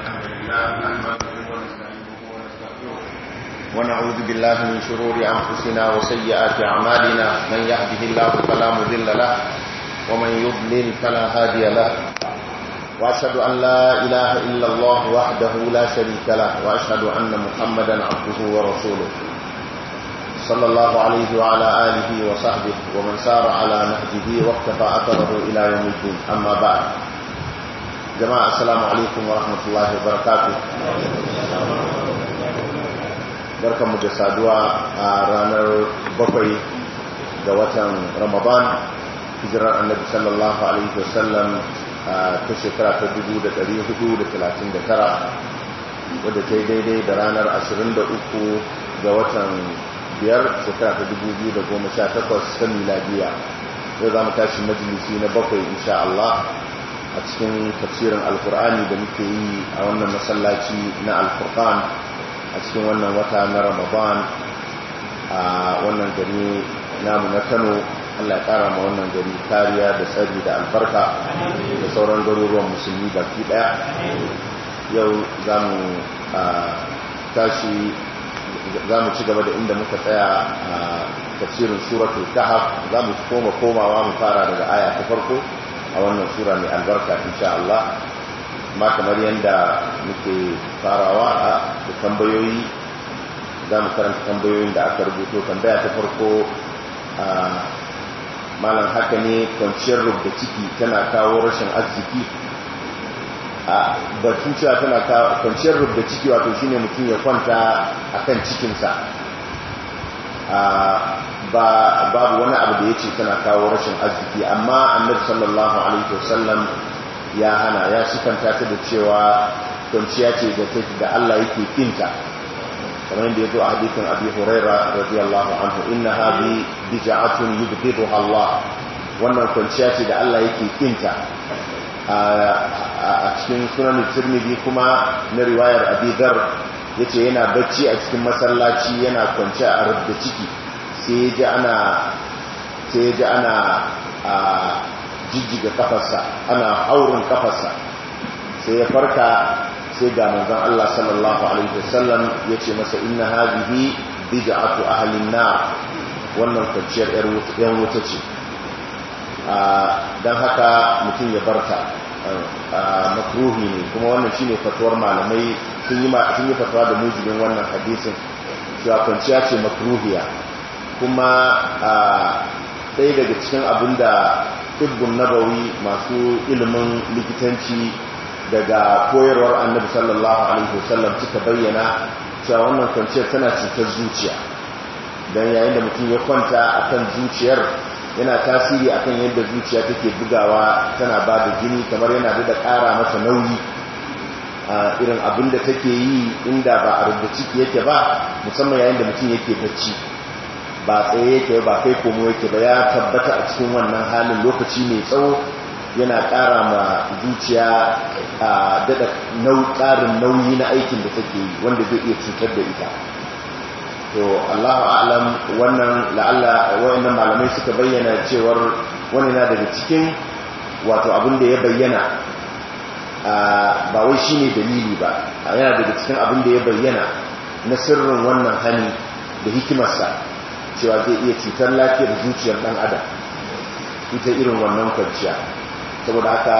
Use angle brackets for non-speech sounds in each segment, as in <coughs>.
الحمد لله نحمده ونستعينه ونستغفره ونعوذ بالله من شرور أنفسنا وسيئات أعمالنا من يهده الله فلا مذل له ومن يضلل فلا هادي له وأشهد أن لا إله إلا الله وحده لا شريك له وأشهد أن محمدا عبده ورسوله صلى الله عليه وعلى آله وصحبه ومن سار على نهجه واقتفى أثره إلى يوم الدين أما بعد jama'a assalamu alaikum wa rahmatullahi wa barakatuh barkanmu da saduwa a ranar bakwai ga watan ramadan hijirar annabi sallallahu alaihi wasallam ta shekara ta 439 wadda ta yi daidai da ranar 23 ga watan 5 shekara ta 2018 ta miladiya yau za mu tashi majalisi na bakwai insha Allah a cikin tafsirin alkur'ani da muke yi a wannan masallaci na alkur'an a cikin wannan wata na ramadan a wannan gari namu na kano allah ya kara ma wannan gari kariya da tsari da albarka da sauran garuruwan musulmi baki daya yau za mu tashi za mu ci gaba da inda muka tsaya a tafsirin suratul kahf za mu koma komawa mu fara daga aya ta farko a wannan sura mai albarka insha Allah ma kamar yadda muke farawa a tambayoyi za mu karanta tambayoyin da aka rubuto tambaya ta farko a malam haka ne kwanciyar rubda ciki tana kawo rashin arziki a batun tana kwanciyar rubda ciki wato shine mutum ya kwanta akan cikinsa a ba babu wani abu da ya ce tana kawo rashin arziki amma annabi sallallahu alaihi wasallam ya hana ya sukanta ta da cewa kwanciya ce da take da Allah yake kinta kamar yadda ya zo a hadisin Abi Huraira radiyallahu anhu innaha bi bij'atun yubghiduha Allah wannan kwanciya ce da Allah yake kinta a cikin sunan Tirmidhi kuma na riwayar Abi ya yace yana bacci a cikin masallaci yana kwanciya a rubda ciki sai ji ana sai ji ana a jijjiga kafarsa ana haurin kafarsa sai ya farka sai ga manzon Allah sallallahu alaihi wasallam yace masa inna hadhihi bid'atu halin na wannan kwanciyar yan wuta ce don haka mutum ya barta makruhi ne kuma wannan shine fatuwar malamai sun yi fatuwa da mujibin wannan hadisin a kwanciya ce makruhiya kuma a ɗaya daga cikin abin da ɗibbin nabawi masu ilimin likitanci daga koyarwar annabi sallallahu alaihi wasallam suka bayyana cewa wannan kwanciyar tana cutar zuciya don yayin da mutum ya kwanta akan zuciyar yana tasiri akan yadda zuciya take bugawa tana ba da jini kamar yana da ƙara masa nauyi a irin abin da take yi inda ba a rubuci yake ba musamman yayin da mutum yake bacci ba tsaye yake ba kai komo yake ba ya tabbata a cikin wannan halin lokaci mai tsawo yana ƙara ma zuciya a daɗa ƙarin nauyi na aikin da take yi wanda zai iya cutar da ita to allahu alam wannan la'alla wa'annan malamai suka bayyana cewar wani na daga cikin wato abin da ya bayyana ba wai shi ne dalili ba yana daga cikin abin da ya bayyana na sirrin wannan hani da hikimarsa cewa zai iya cutar lafiyar zuciyar dan adam ita irin wannan kwanciya saboda haka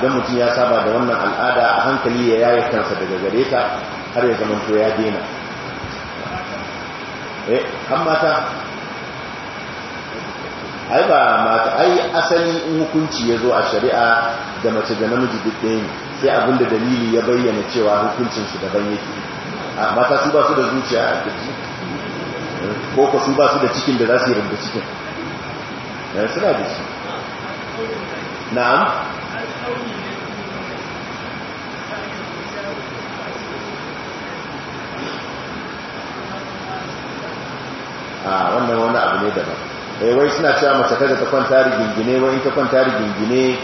idan mutum ya saba da wannan al'ada a hankali ya yaya kansa daga gare ta har ya zama to ya dena eh an mata ai ba mata ai asali in hukunci ya zo a shari'a da mace da namiji duk ɗaya ne sai abinda dalili ya bayyana cewa hukuncinsu daban yake mata su ba su da zuciya a ko basu su ba su da cikin da za su yi rubuta cikin ya eh, suna da shi na'am a ah, wannan wani abu ne daban eh, wai suna cewa mace kada ta kwanta rigingine wai in ta kwanta rigingine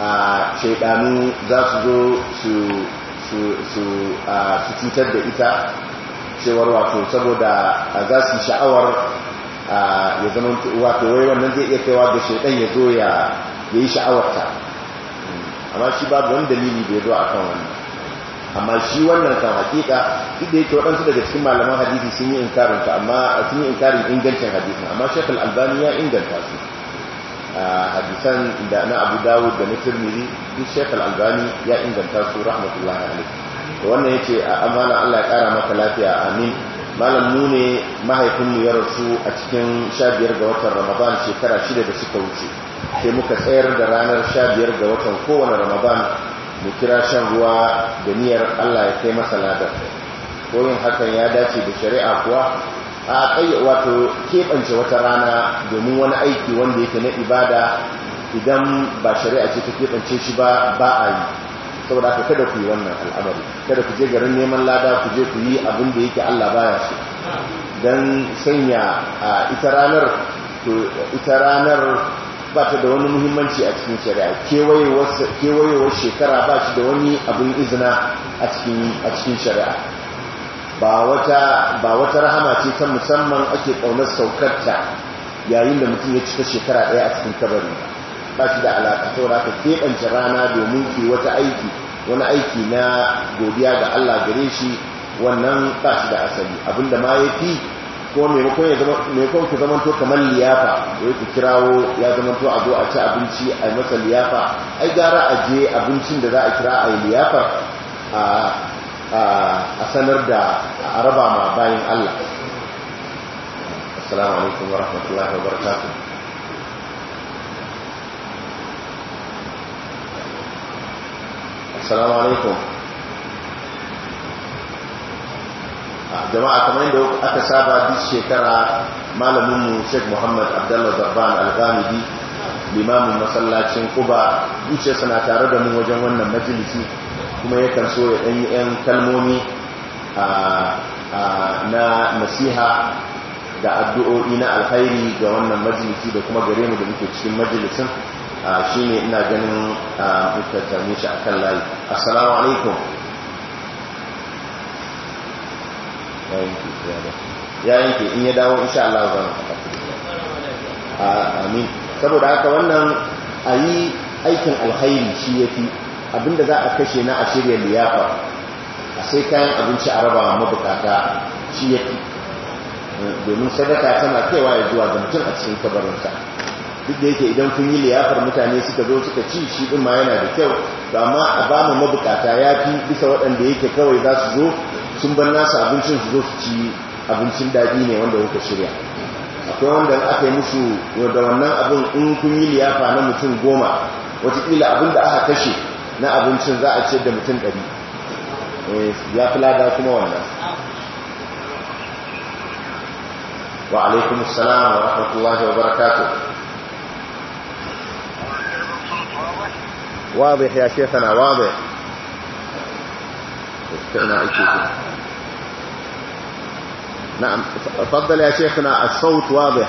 a ah, shaidanu za su zo su ah, cutar da ita cewar wato saboda a za su sha'awar ya zama wato wai wannan zai iya kaiwa da shaidan ya zo ya yi sha'awarta amma shi babu wani dalili da ya zo a kan wannan amma shi wannan kan hakika duk yake waɗansu daga cikin malaman hadisi sun yi inkarin ta amma sun yi inkarin ingancin hadisin amma shekul albani ya inganta su hadisan da na abu dawud da na turmiri duk shekul albani ya inganta su rahmatullahi alaikum wannan ya ce a amana Allah ya ƙara maka lafiya amin malam mu ne mahaifinmu ya rasu a cikin shabiyar ga watan ramadan shekara shida da suka wuce sai muka tsayar da ranar shabiyar ga watan kowane ramadan mu kira shan ruwa da niyyar Allah ya kai masa Ko yin hakan ya dace da shari'a kuwa a kai wato keɓance wata rana domin wani aiki wanda yake na ibada idan ba shari'a ce ta keɓance shi ba ba a yi saboda aka kada ku yi wannan al'amari kada ku je garin neman lada ku je ku yi abin da yake Allah baya shi dan sanya ita ranar to ita ranar ba ta da wani muhimmanci a cikin shari'a kewayewar shekara ba shi da wani abin izina a cikin shari'a ba wata rahama ce ta musamman ake ƙaunar saukarta yayin da mutum ya cika shekara ɗaya a cikin kabari ba shi da alaƙa saboda haka keɓance rana domin ki wata aiki wani aiki na godiya ga Allah gare shi wannan ba shi da asali abinda ma ya fi ko maimakon ku zamanto kamar liyafa ya ku kirawo ya zamanto a zo a ci abinci a masa liyafa ai gara a je abincin da za a kira a yi liyafar a sanar da a raba ma bayan Allah assalamu alaikum assalamu alaikum ah, jama'a kamar yadda aka saba duk shekara malamin mu sheikh muhammad abdullah zabban al-ghamidi limamin masallacin kuba zuciya suna tare da mu wajen wannan majalisi kuma yakan so ya ɗanyi 'yan kalmomi ah, ah, na nasiha da addu'o'i na alkhairi ga wannan majalisi da kuma gare mu da muke cikin majalisin Ah, shi ne ina ganin ah, muka same shi kan layi assalamu alaikum ya yanke in ya dawo insha Allah zan ah, amin saboda haka wannan a yi aikin alhairi shi ya fi abinda za a kashe na ashirya liyafa a sai kayan abinci a raba mabukata shi ya fi eh, domin sadaka tana kaiwa ya zuwa ga mutum a cikin kabarinsa duk da yake idan kun yi liyafar mutane suka zo suka ci shi din ma yana da kyau to amma a ba mu mabukata ya fi bisa waɗanda yake kawai za su zo sun bar nasu abincin su zo su ci abincin daɗi ne wanda kuka shirya akwai wanda aka yi musu da wannan abin in kun yi liyafa na mutum goma watakila abin da aka kashe na abincin za a ciyar da mutum ɗari eh, ya fi lada kuma wannan wa alaikumussalam wa rahmatullahi wa barakatuh واضح يا شيخنا واضح نعم تفضل يا شيخنا الصوت واضح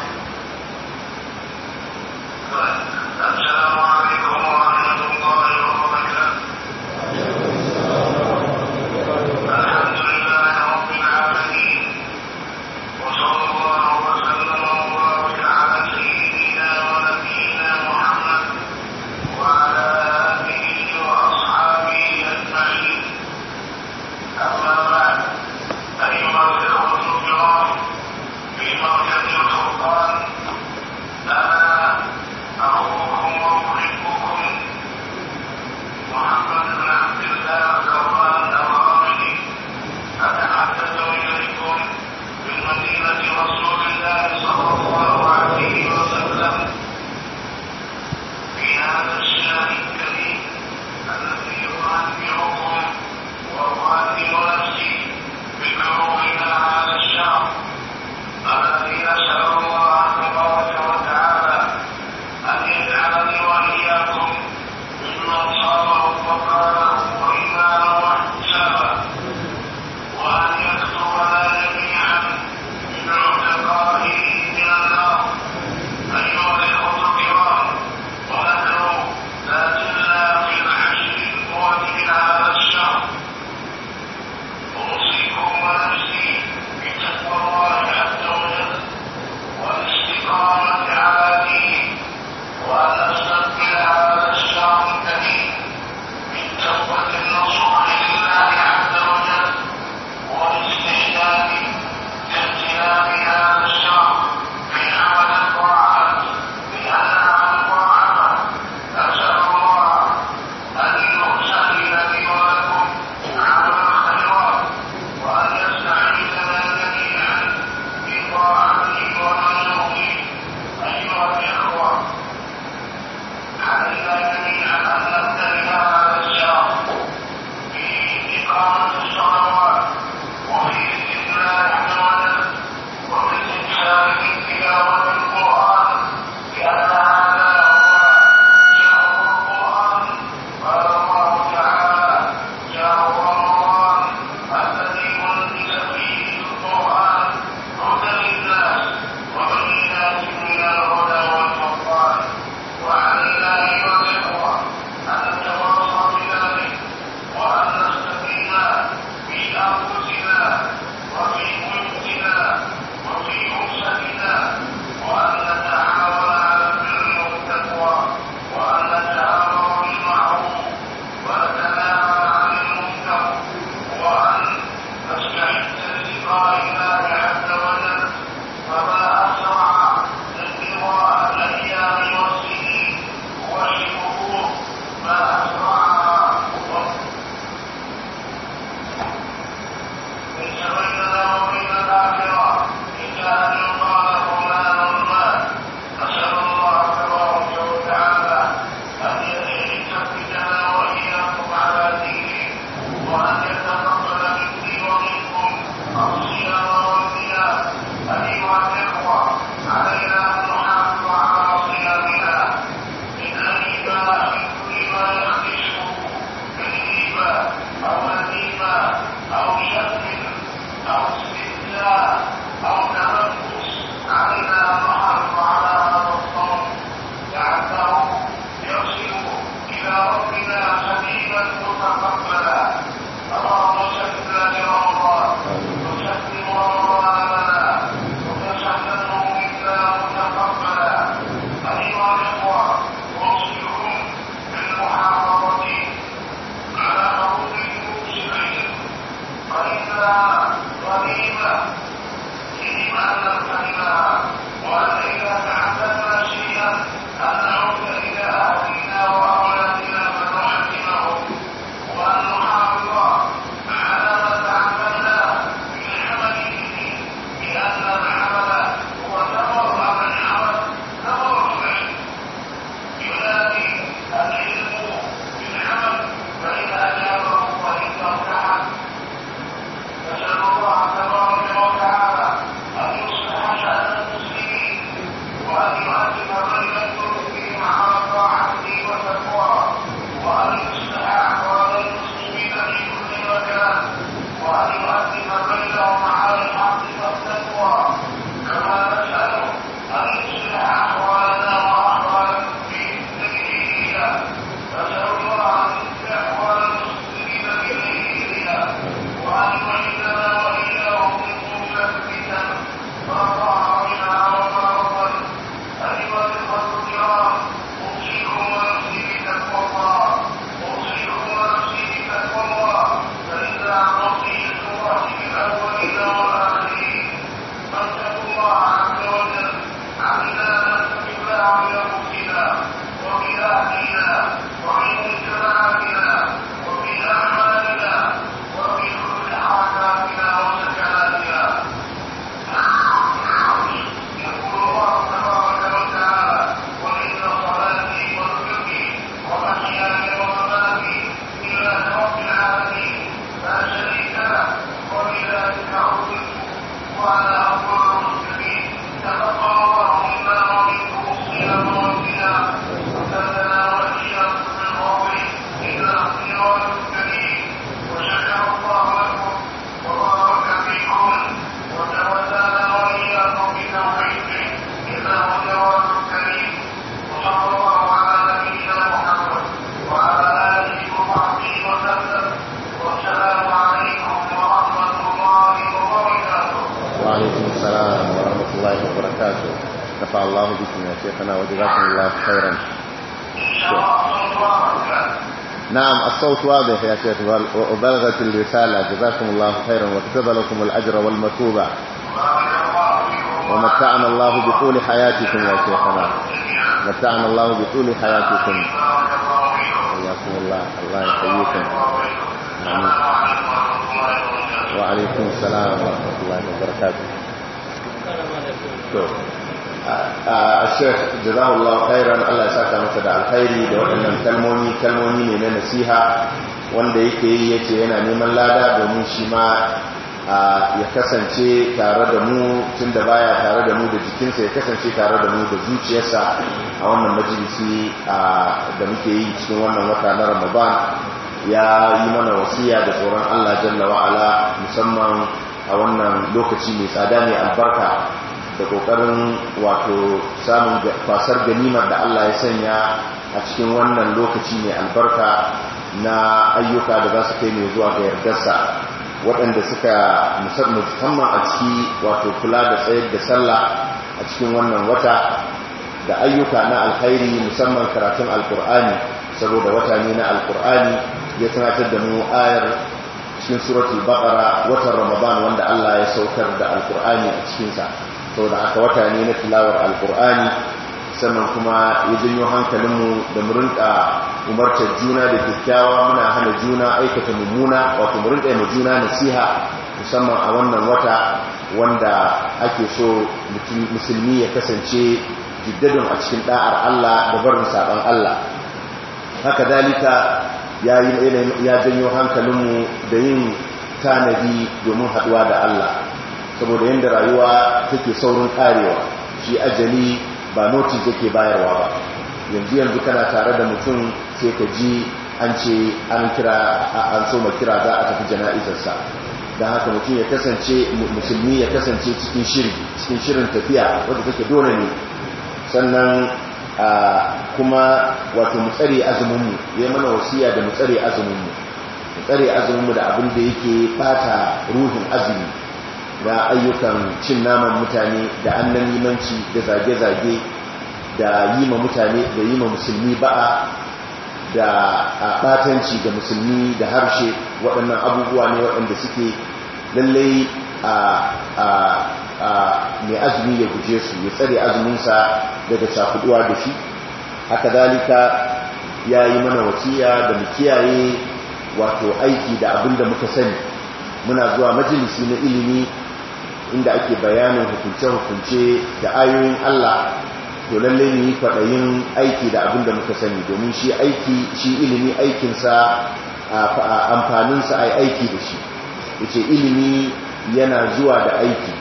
الصوت واضح يا شيخ وبلغت الرسالة جزاكم الله خيرا واكتب لكم الأجر والمثوبة ومتعنا الله بطول حياتكم يا شيخنا متعنا الله بطول حياتكم حياكم الله الله يحييكم آمين وعليكم السلام ورحمة الله وبركاته a shek jazahullahu khairan Allah ya saka masa da alkhairi da waɗannan kalmomi kalmomi ne na nasiha wanda yake yi yace yana neman lada domin shi ma ya kasance tare da mu tun da baya tare da mu da jikinsa ya kasance tare da mu da zuciyarsa a wannan majalisi da muke yi cikin wannan wata na ramadan ya yi mana wasiya da tsoron Allah jalla wa'ala musamman a wannan lokaci mai tsada ne albarka da kokarin wato samun kwasar ganimar da Allah ya sanya a cikin wannan lokaci mai albarka na ayyuka da za su kai mai zuwa ga yardarsa waɗanda suka musamman a ciki wato kula da tsayar da sallah a cikin wannan wata da ayyuka na alkhairi musamman karatun alkur'ani saboda wata ne na alkur'ani ya tunatar da mu ayar cikin suratul baqara watan ramadan wanda Allah ya saukar da alkur'ani a cikinsa da aka wata ne na filawar alkur'ani sannan kuma ya janyo hankalinmu da murinka umartar juna da kyakkyawa muna hana juna aikata mummuna wato murinka yana juna juna nasiha musamman a wannan wata wanda ake so musulmi ya kasance jiddadin a cikin da'ar Allah da barin saɓon Allah haka dalika ya janyo hankalinmu da yin tanadi domin haɗuwa da Allah saboda yadda rayuwa take saurin karewa shi ajali ba noti take bayarwa ba yanzu yanzu kana tare da mutum sai ka ji an ce an kira an so ma kira za a tafi jana'izarsa da haka mutum ya kasance musulmi ya kasance cikin shirin cikin shirin tafiya wadda take dole ne sannan kuma wato mutsari azuminmu ya mana wasiya da mu azuminmu mu azuminmu da abin da yake fata ruhin azumi na ayyukan cin naman mutane da annan limanci da zage-zage da yi ma mutane da yi ma musulmi ba'a da batanci da musulmi da harshe waɗannan abubuwa ne waɗanda suke lallai a mai azumi ya guje su ya tsare azuminsa daga cakuduwa da shi haka dalika ya yi mana wasiya da mu kiyaye wato aiki da abin da muka sani muna zuwa majalisi na ilimi inda ake bayanin hukunce-hukunce da ayoyin Allah to lalle ne yi kwaɗayin aiki da abin da muka sani domin shi aiki shi ilimi aikinsa a amfaninsa a aiki da shi yace ilimi yana zuwa da aiki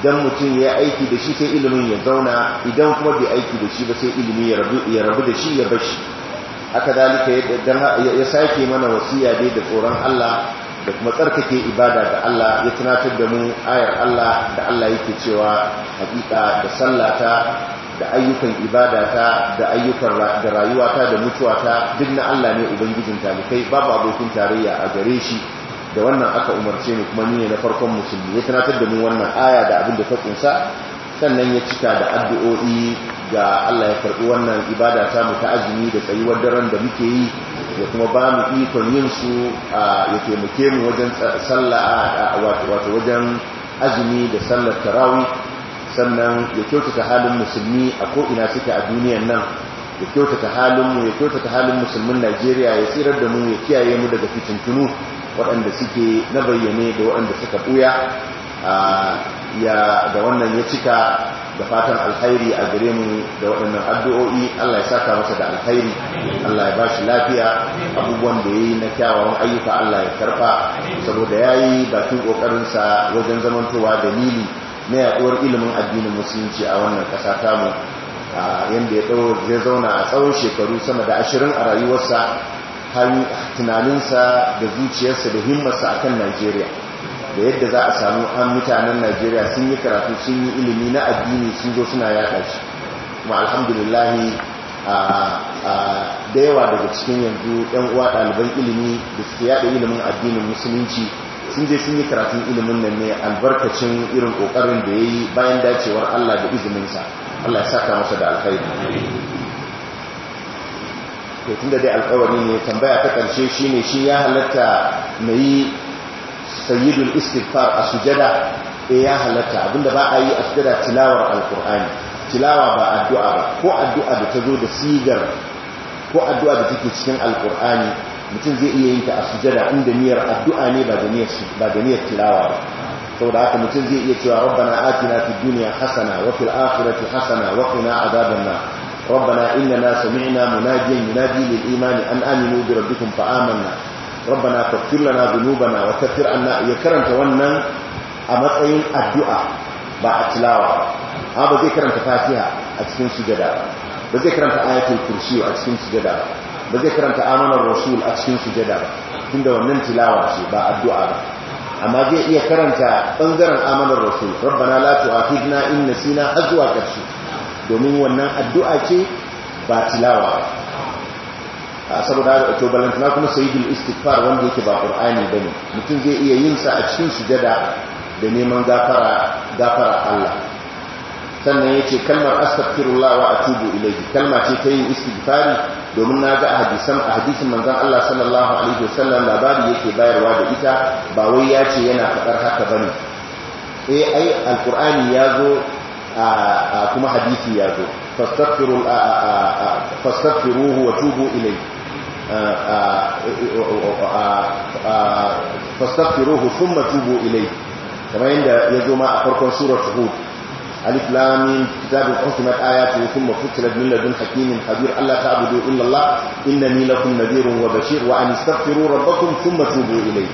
idan mutum ya aiki da shi sai ilimin ya zauna idan kuma bai aiki da shi ba sai ilimi ya rabu da shi ya bashi haka dalika ya sake mana wasiya dai da tsoron Allah da kuma tsarkake ibada da Allah ya tunatar da mu ayar Allah da Allah yake cewa hakika da sallata da ayyukan ibadata da ayyukan da rayuwata da mutuwata duk na Allah ne ubangijin talikai babu abokin tarayya a gare shi da wannan aka umarce mu kuma ni ne na farkon musulmi ya tunatar da mu wannan aya da abin da ta kunsa sannan ya cika da addu'o'i ga Allah ya karbi wannan ibada ta mu ta azumi da tsayuwar daren da muke yi ya kuma ba mu ikon yin su ya taimake mu wajen sallah wato wajen azumi da sallar tarawi sannan ya kyautata halin musulmi a ko'ina suke a duniyan nan ya kyautata halinmu ya kyautata halin musulmin najeriya ya tsirar da mu ya kiyaye mu daga fitintunu waɗanda suke na bayyane da waɗanda suka ɓuya ya da wannan ya cika da fatan alkhairi a gare mu da waɗannan addu'o'i Allah ya saka masa da alkhairi Allah ya ba shi lafiya abubuwan da ya yi na kyawawan ayyuka Allah ya karba saboda yayi bakin kokarin wajen zamantowa dalili na yaduwar ilimin addinin musulunci a wannan kasa ta mu yanda ya dawo zai zauna a tsawon shekaru sama da ashirin a rayuwarsa tunaninsa da zuciyarsa da himmarsa a kan Najeriya da yadda za a samu an mutanen najeriya sun yi karatu sun yi ilimi na addini sun zo suna yaɗa shi kuma alhamdulillahi da yawa daga cikin yanzu ɗan uwa ɗaliban ilimi da suke yaɗa ilimin addinin musulunci sun je sun yi karatun ilimin nan ne albarkacin irin ƙoƙarin da ya yi bayan dacewar allah da izininsa allah ya saka masa da alkhairi to da dai alkawari ne tambaya ta ƙarshe shine shi ya halatta na sayyidul istighfar a sujada e ya halatta abinda ba a yi a sujada tilawar alkur'ani tilawa ba addu'a ba ko addu'a da zo da sigar ko addu'a da take cikin alkur'ani mutum zai iya yin ta a sujada inda niyyar addu'a ne ba da niyyar ba tilawa ba saboda haka mutum zai iya cewa rabbana atina fid dunya hasana wa fil akhirati hasana wa qina adhaban nar ربنا إننا سمعنا imani ينادي للإيمان أن آمنوا بربكم فآمنا rabbana تغفر لنا ذنوبنا وكفر عنا anna ya karanta wannan a matsayin addu'a ba a tilawa ha ba zai karanta fatiha a cikin sujada ba zai karanta ayatul kursi a cikin sujada ba zai karanta amanar rasul a cikin sujada ba tunda wannan tilawa ce ba addu'a ba amma zai iya karanta bangaren amanar rasul rabbana la tu'akhidna in nasina azwa kashi domin wannan addu'a ce ba tilawa saboda to na kuma sayyidul istighfar wanda yake ba qur'ani bane mutum zai iya yin sa a cikin sujada da neman gafara gafara Allah sannan yace kalmar astaghfirullah wa atubu ilayhi kalma ce ta yin istighfar domin na ga hadisan hadisin manzon Allah sallallahu alaihi wasallam labari yake bayarwa da ita ba wai ya ce yana fadar haka bane eh ai alqur'ani ya zo kuma hadisi ya zo fastaghfiru fastaghfiruhu wa tubu ilayhi fastaghfiruhu thumma tubu ilayhi kamar yadda ya zo ma a farkon surat hud alif lam mim kitabun hukimat ayatu thumma fussilat min ladun hakimin khabir alla ta'budu illa allah innani lakum nadhirun wa bashir wa an astaghfiru rabbakum thumma tubu ilayhi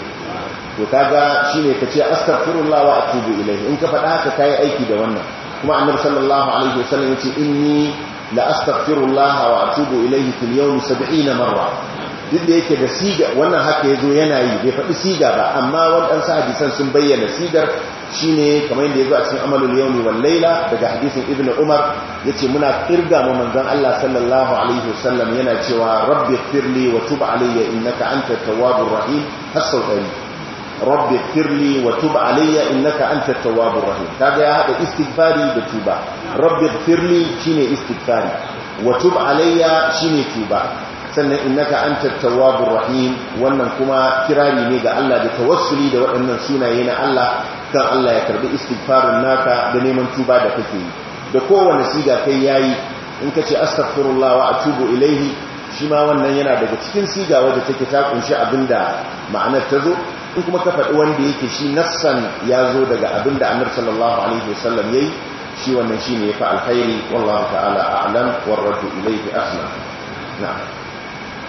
to kaga shine kace astaghfirullah wa atubu ilayhi in ka faɗa haka kai aiki da wannan kuma annabi sallallahu alaihi yace inni la astaghfirullaha wa atubu ilayhi fil yawmi 70 marra duk da yake da siga wannan haka yazo yana yi bai faɗi siga ba amma waɗansu hadisan sun bayyana sigar shine kamar yadda yazo a cikin amalul yawmi wal layla daga hadisin ibnu umar yace muna kirga mu manzon Allah sallallahu alaihi wasallam yana cewa rabbi firli wa tub alayya innaka antat tawwabur rahim hasau dari rabbi firli wa tub alayya innaka anta tawwabur rahim kaga ya hada istighfari da tuba rabbi firli shine istighfari wa tub alayya shine tuba sannan innaka anta tawwabur rahim wannan kuma kirari ne ga Allah da tawassuli da waɗannan sunaye na Allah kan Allah ya karbi istighfarin naka da neman tuba da kake yi da kowane siga kai yayi in kace astaghfirullah wa atubu ilayhi shi ma wannan yana daga cikin siga da take ta kunshi abinda ma'anar ta zo in kuma ka faɗi wanda yake shi nassan ya zo daga abin da annabi sallallahu alaihi wasallam yayi shi wannan ne ya fa alkhairi wallahu ta'ala a'lam warraddu ilayhi asna na'am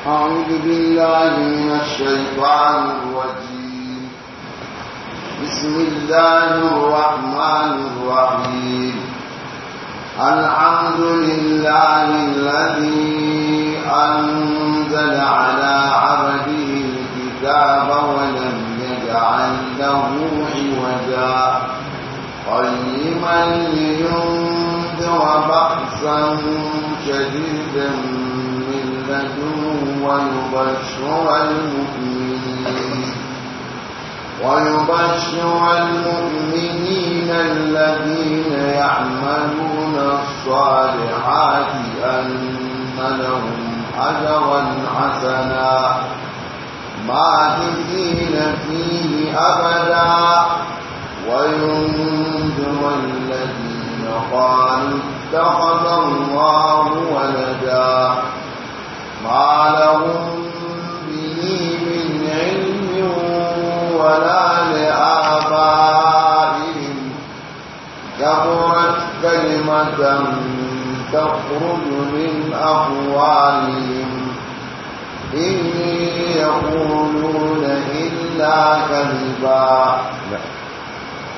أعوذ بالله من الشيطان الرجيم بسم الله الرحمن Alhamdulillahi الحمد لله الذي أنزل الكتاب ولا عنده عوجا قيما لينذر بأسا شديدا من لدنه ويبشر المؤمنين ويبشر المؤمنين الذين يعملون الصالحات أن لهم أجرا حسنا ماهدين فيه أبدا وينذر الذين قالوا اتخذ الله ولدا ما لهم به من علم ولا لآبائهم كبرت كلمة تخرج من أقوالهم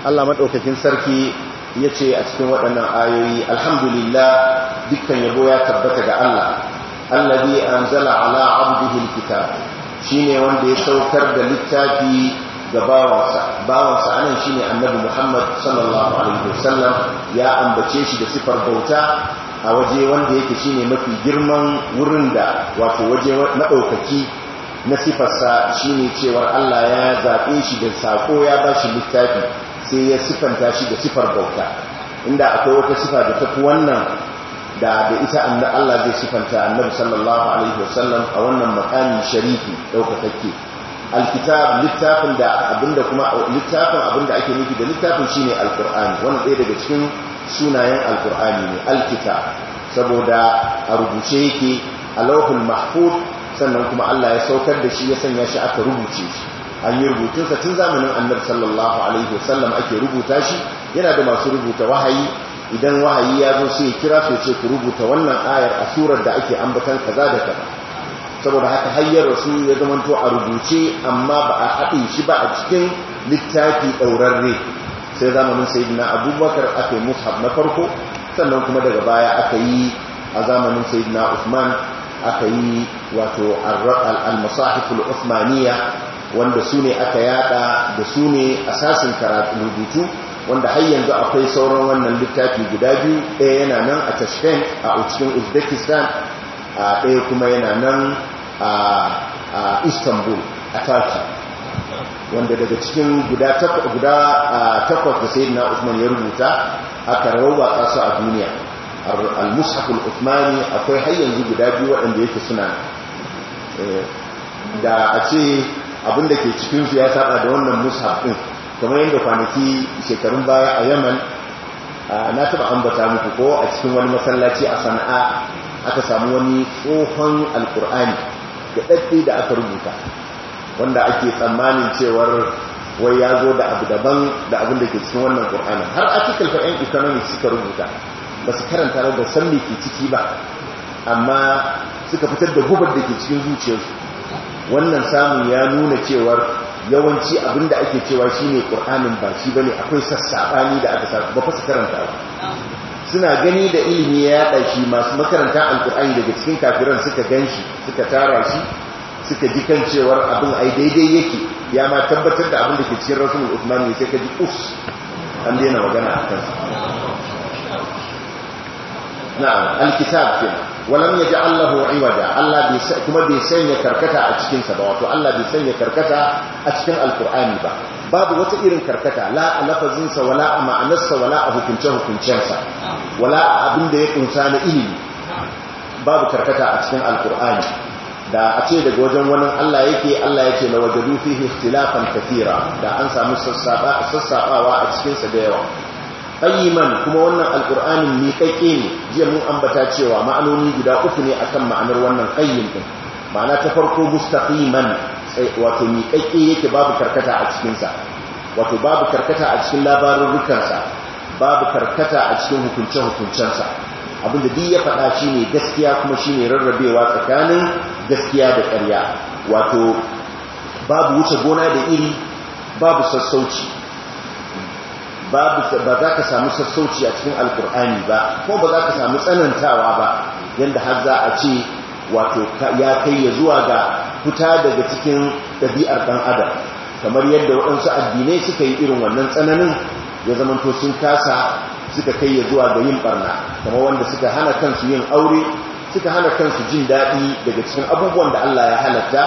Allah maɗaukakin sarki ya ce a cikin waɗannan ayoyi alhamdulillah dukkan yabo ya tabbata ga Allah Allah an anzala ala abdihi shi ne wanda ya saukar da littafi ga bawansa bawansa anan shi ne annabi Muhammad sallallahu alaihi wasallam ya ambace shi da siffar bauta a waje wanda yake shi ne mafi girman wurin da wato waje na ɗaukaki na sifarsa ne cewar Allah ya zaɓe shi da saƙo ya ba shi littafi sai ya sifanta shi da sifar bauta inda akwai wata sifa da tafi wannan da da ita Allah zai sifanta annabi sallallahu alaihi wasallam a wannan makami sharifi ɗaukakakke alkitab littafin da abinda kuma littafin abinda ake nufi da littafin shine alqur'ani wannan ɗaya daga cikin sunayen alqur'ani ne alkitab saboda a rubuce yake a lauhul mahfuz sannan kuma Allah ya saukar da shi ya sanya shi aka rubuce shi an yi rubutunsa tun zamanin annabi sallallahu alaihi wasallam ake rubuta shi yana da masu rubuta wahayi idan wahayi ya zo sai kira sai ce ku rubuta wannan ayar a surar da ake ambatan kaza da kaza saboda haka hayyar wasu ya zamanto a rubuce amma ba a haɗe shi ba a cikin littafi ɗaurarre sai zamanin sayidina abubakar aka yi mushaf na farko sannan kuma daga baya aka yi a zamanin sayidina usman aka yi wato al-masahiful usmaniya wanda su ne aka yada da su ne asasin karatu rubutu wanda har yanzu akwai sauran wannan littafi guda biyu ɗaya yana nan a tashkent a cikin uzbekistan a ɗaya kuma yana nan a istanbul a turkey wanda daga cikin guda takwas da sai na usman ya rubuta aka rawa su a duniya al-mushaful usmani akwai har yanzu guda biyu waɗanda yake suna eh, da a ce abinda ke su ya saba da wannan mushafin kamar yadda kwanaki shekarun baya a yaman na taba ambata muku ko a cikin wani masallaci a sana'a aka samu wani tsohon alkur'ani daɗaɗɗe da aka rubuta wanda ake tsammanin cewar wai ya zo da abu daban da abin da ke cikin wannan ƙur'anin har article for yan economics suka rubuta ba su karanta ba san me ke ciki ba amma suka fitar da gubar da ke cikin zuciyarsu wannan samun ya nuna cewar yawanci abin da ake cewa shi ne ƙur'anin ba shi ne akwai sassaɓani da aka ba fa karanta ba suna gani da ilimi ya yada shi masu makaranta alkur'ani daga cikin kafiran suka gan shi suka tara shi suka ji kan cewar abin ai daidai yake ya ma tabbatar da abin da ke cikin rasulun ya sai ka ji us an daina magana a kansa na'am alkitab ke. walam ya ji Allahu Allah bai kuma bai sanya karkata a cikinsa ba wato Allah bai sanya karkata a cikin alkur'ani ba babu wata irin karkata la a lafazinsa wala a ma'anarsa wala a hukunce-hukuncensa wala a abin da ya kunsa na ilimi babu karkata a cikin alkur'ani da a ce daga wajen wani Allah yake Allah yake na wajen rufi ikhtilafan kafira da an samu sassaɓawa a cikinsa da yawa qayyiman kuma wannan alkur'anin miƙaƙe ne jiya mun ambata cewa ma'anoni guda uku ne akan ma'anar wannan qayyim ma'ana ta farko mustaqiman wato miƙaƙƙe yake babu karkata a cikinsa wato babu karkata a cikin labarurrukansa babu karkata a cikin hukunce-hukuncensa abinda duk ya faɗa shi ne gaskiya kuma shi ne rarrabewa tsakanin gaskiya da ƙarya wato babu wuce gona da iri babu sassauci ba za ka samu sassauci a cikin alkur'ani ba ko ba za ka samu tsanantawa ba yadda har za a ce wato ya kai ya zuwa ga fita daga cikin ɗabi'ar ɗan adam kamar yadda waɗansu addinai suka yi irin wannan tsananin ya zamanto sun kasa suka kai ya zuwa ga yin barna kamar wanda suka hana kansu yin aure suka hana kansu jin daɗi daga cikin abubuwan da Allah ya halatta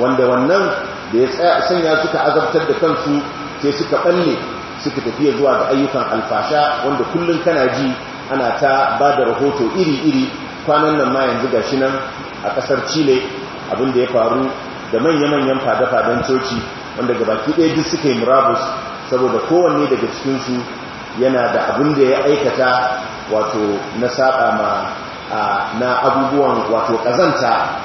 wanda wannan da ya sanya suka azabtar da kansu sai suka ɓalle suka tafiya zuwa ga ayyukan alfasha wanda kullum kana ji ana ta ba da rahoto iri-iri kwanan nan ma yanzu ga shi nan a kasar chile abin da ya faru da manya-manyan fada-fadan coci wanda gabaki ɗaya duk suka yi murabus saboda kowanne daga cikinsu yana da abin da ya aikata wato na saba ma na abubuwan wato ƙazanta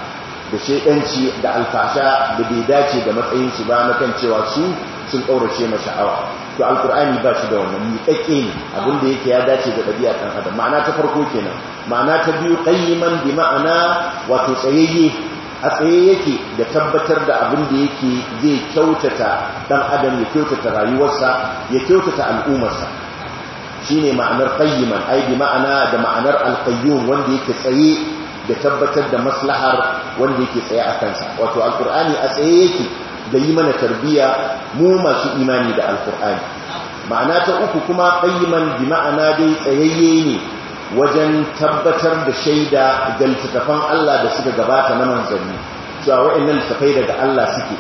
da shaidanci da alfasha da bai dace da matsayinsu ba na kan cewa su sun ƙaurace masha'awa to alkur'ani ba shi da wannan miƙaƙe ne abinda yake ya dace da ɗabi'a kan adam ma'ana ta farko kenan ma'ana ta biyu qayyiman bi ma'ana wato tsayayye a tsaye yake da tabbatar da abin da yake zai kyautata dan adam ya kyautata rayuwarsa ya kyautata al'ummarsa shine ma'anar qayyiman ai bi ma'ana da ma'anar al-qayyum wanda yake tsaye da tabbatar da maslahar wanda yake tsaye a kansa wato alqur'ani a tsaye yake da yi mana tarbiya mu masu imani da alkur'ani ma'ana ta uku kuma qayyiman bi ma'ana dai tsayayye ne wajen tabbatar da shaida ga littattafan Allah da suka gabata na manzanni cewa wa'annan littattafai daga Allah suke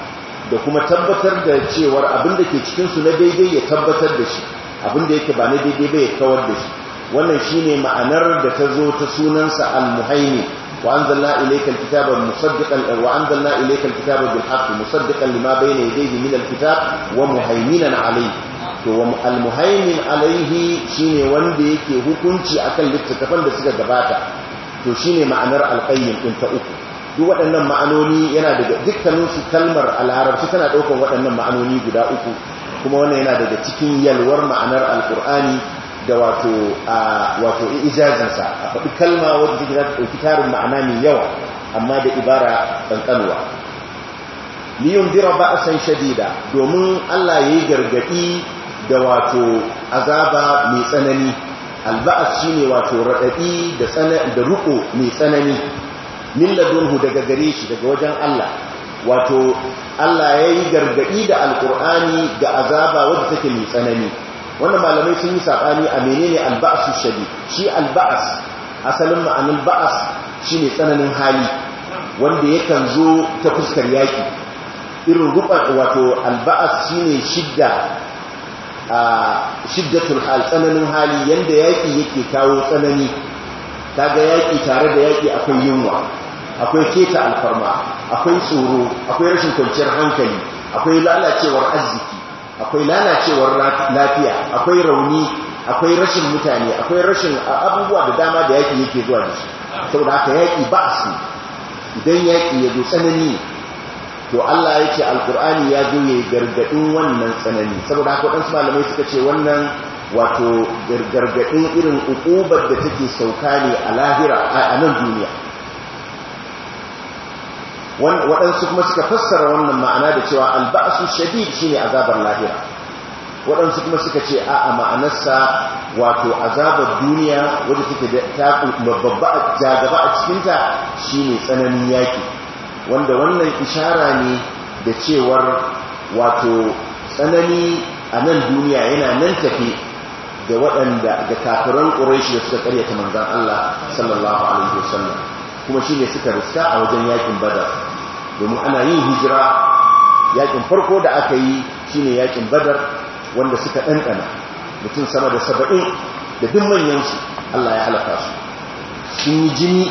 da kuma tabbatar da cewar abin da ke cikin su na daidai ya tabbatar da shi abin da yake ba na daidai ba ya kawar da shi wannan shine ma'anar da ta zo ta sunansa al-muhaimin وأنزلنا إليك الكتاب مصدقا وأنزلنا إليك الكتاب بالحق مصدقا لما بين يديه من الكتاب ومهيمنا عليه المهيمن عليه شيني wanda yake hukunci akan littattafan da suka gabata to shine ma'anar alqayyim din ta uku duk waɗannan ma'anoni yana daga dukkanin kalmar alhararsu tana daukar waɗannan ma'anoni guda uku kuma wannan yana daga cikin yalwar ma'anar alkur'ani. da wato wato ijazansa a faɗi kalma wadda take ɗauki tarin ma'ana mai yawa amma da ibara ƙanƙanwa liyun dira ba a san shadida domin Allah ya yi gargaɗi da wato azaba mai tsanani alba'as shi ne wato raɗaɗi da ruko mai tsanani min ladunhu daga gare shi daga wajen Allah wato Allah ya yi gargaɗi da alƙur'ani ga azaba wadda take mai tsanani wannan malamai sun yi saɓani a menene alba'asu shadi shi alba'as asalin ma'anin ba'as shine tsananin hali wanda yakan zo ta fuskar yaƙi irin rubar wato alba'as shine shidda a hal tsananin hali yanda yaƙi yake kawo tsanani kaga yaƙi tare da yaƙi akwai yunwa akwai keta alfarma akwai tsoro akwai rashin kwanciyar hankali akwai lalacewar arziki akwai lalacewar lafiya akwai rauni akwai rashin mutane akwai rashin abubuwa da dama da yaki yake zuwa da shi saboda haka yaki ba su idan yaki ya zo tsanani to Allah ya ce alkur'ani ya zo ya gargadin wannan tsanani saboda haka waɗansu malamai suka ce wannan wato gargadin irin ukubar da take sauka ne a lahira a nan duniya waɗansu kuma suka fassara wannan ma'ana da cewa alba'asu shadid ne azabar lahira waɗansu kuma suka ce a a ma'anarsa wato azabar duniya wadda take da ta babba jagaba a cikinta shine tsananin yaƙi wanda wannan ishara ne da cewar wato tsanani a nan duniya yana nan tafi da waɗanda ga kafiran ƙuraishi da suka karyata manzan Allah sallallahu alaihi wasallam kuma shine suka riska a wajen yakin badar domin ana yin hijira yakin farko da aka yi shine yakin badar wanda suka ɗanɗana mutum sama da saba'in da duk manyansu Allah ya halaka su sun yi jini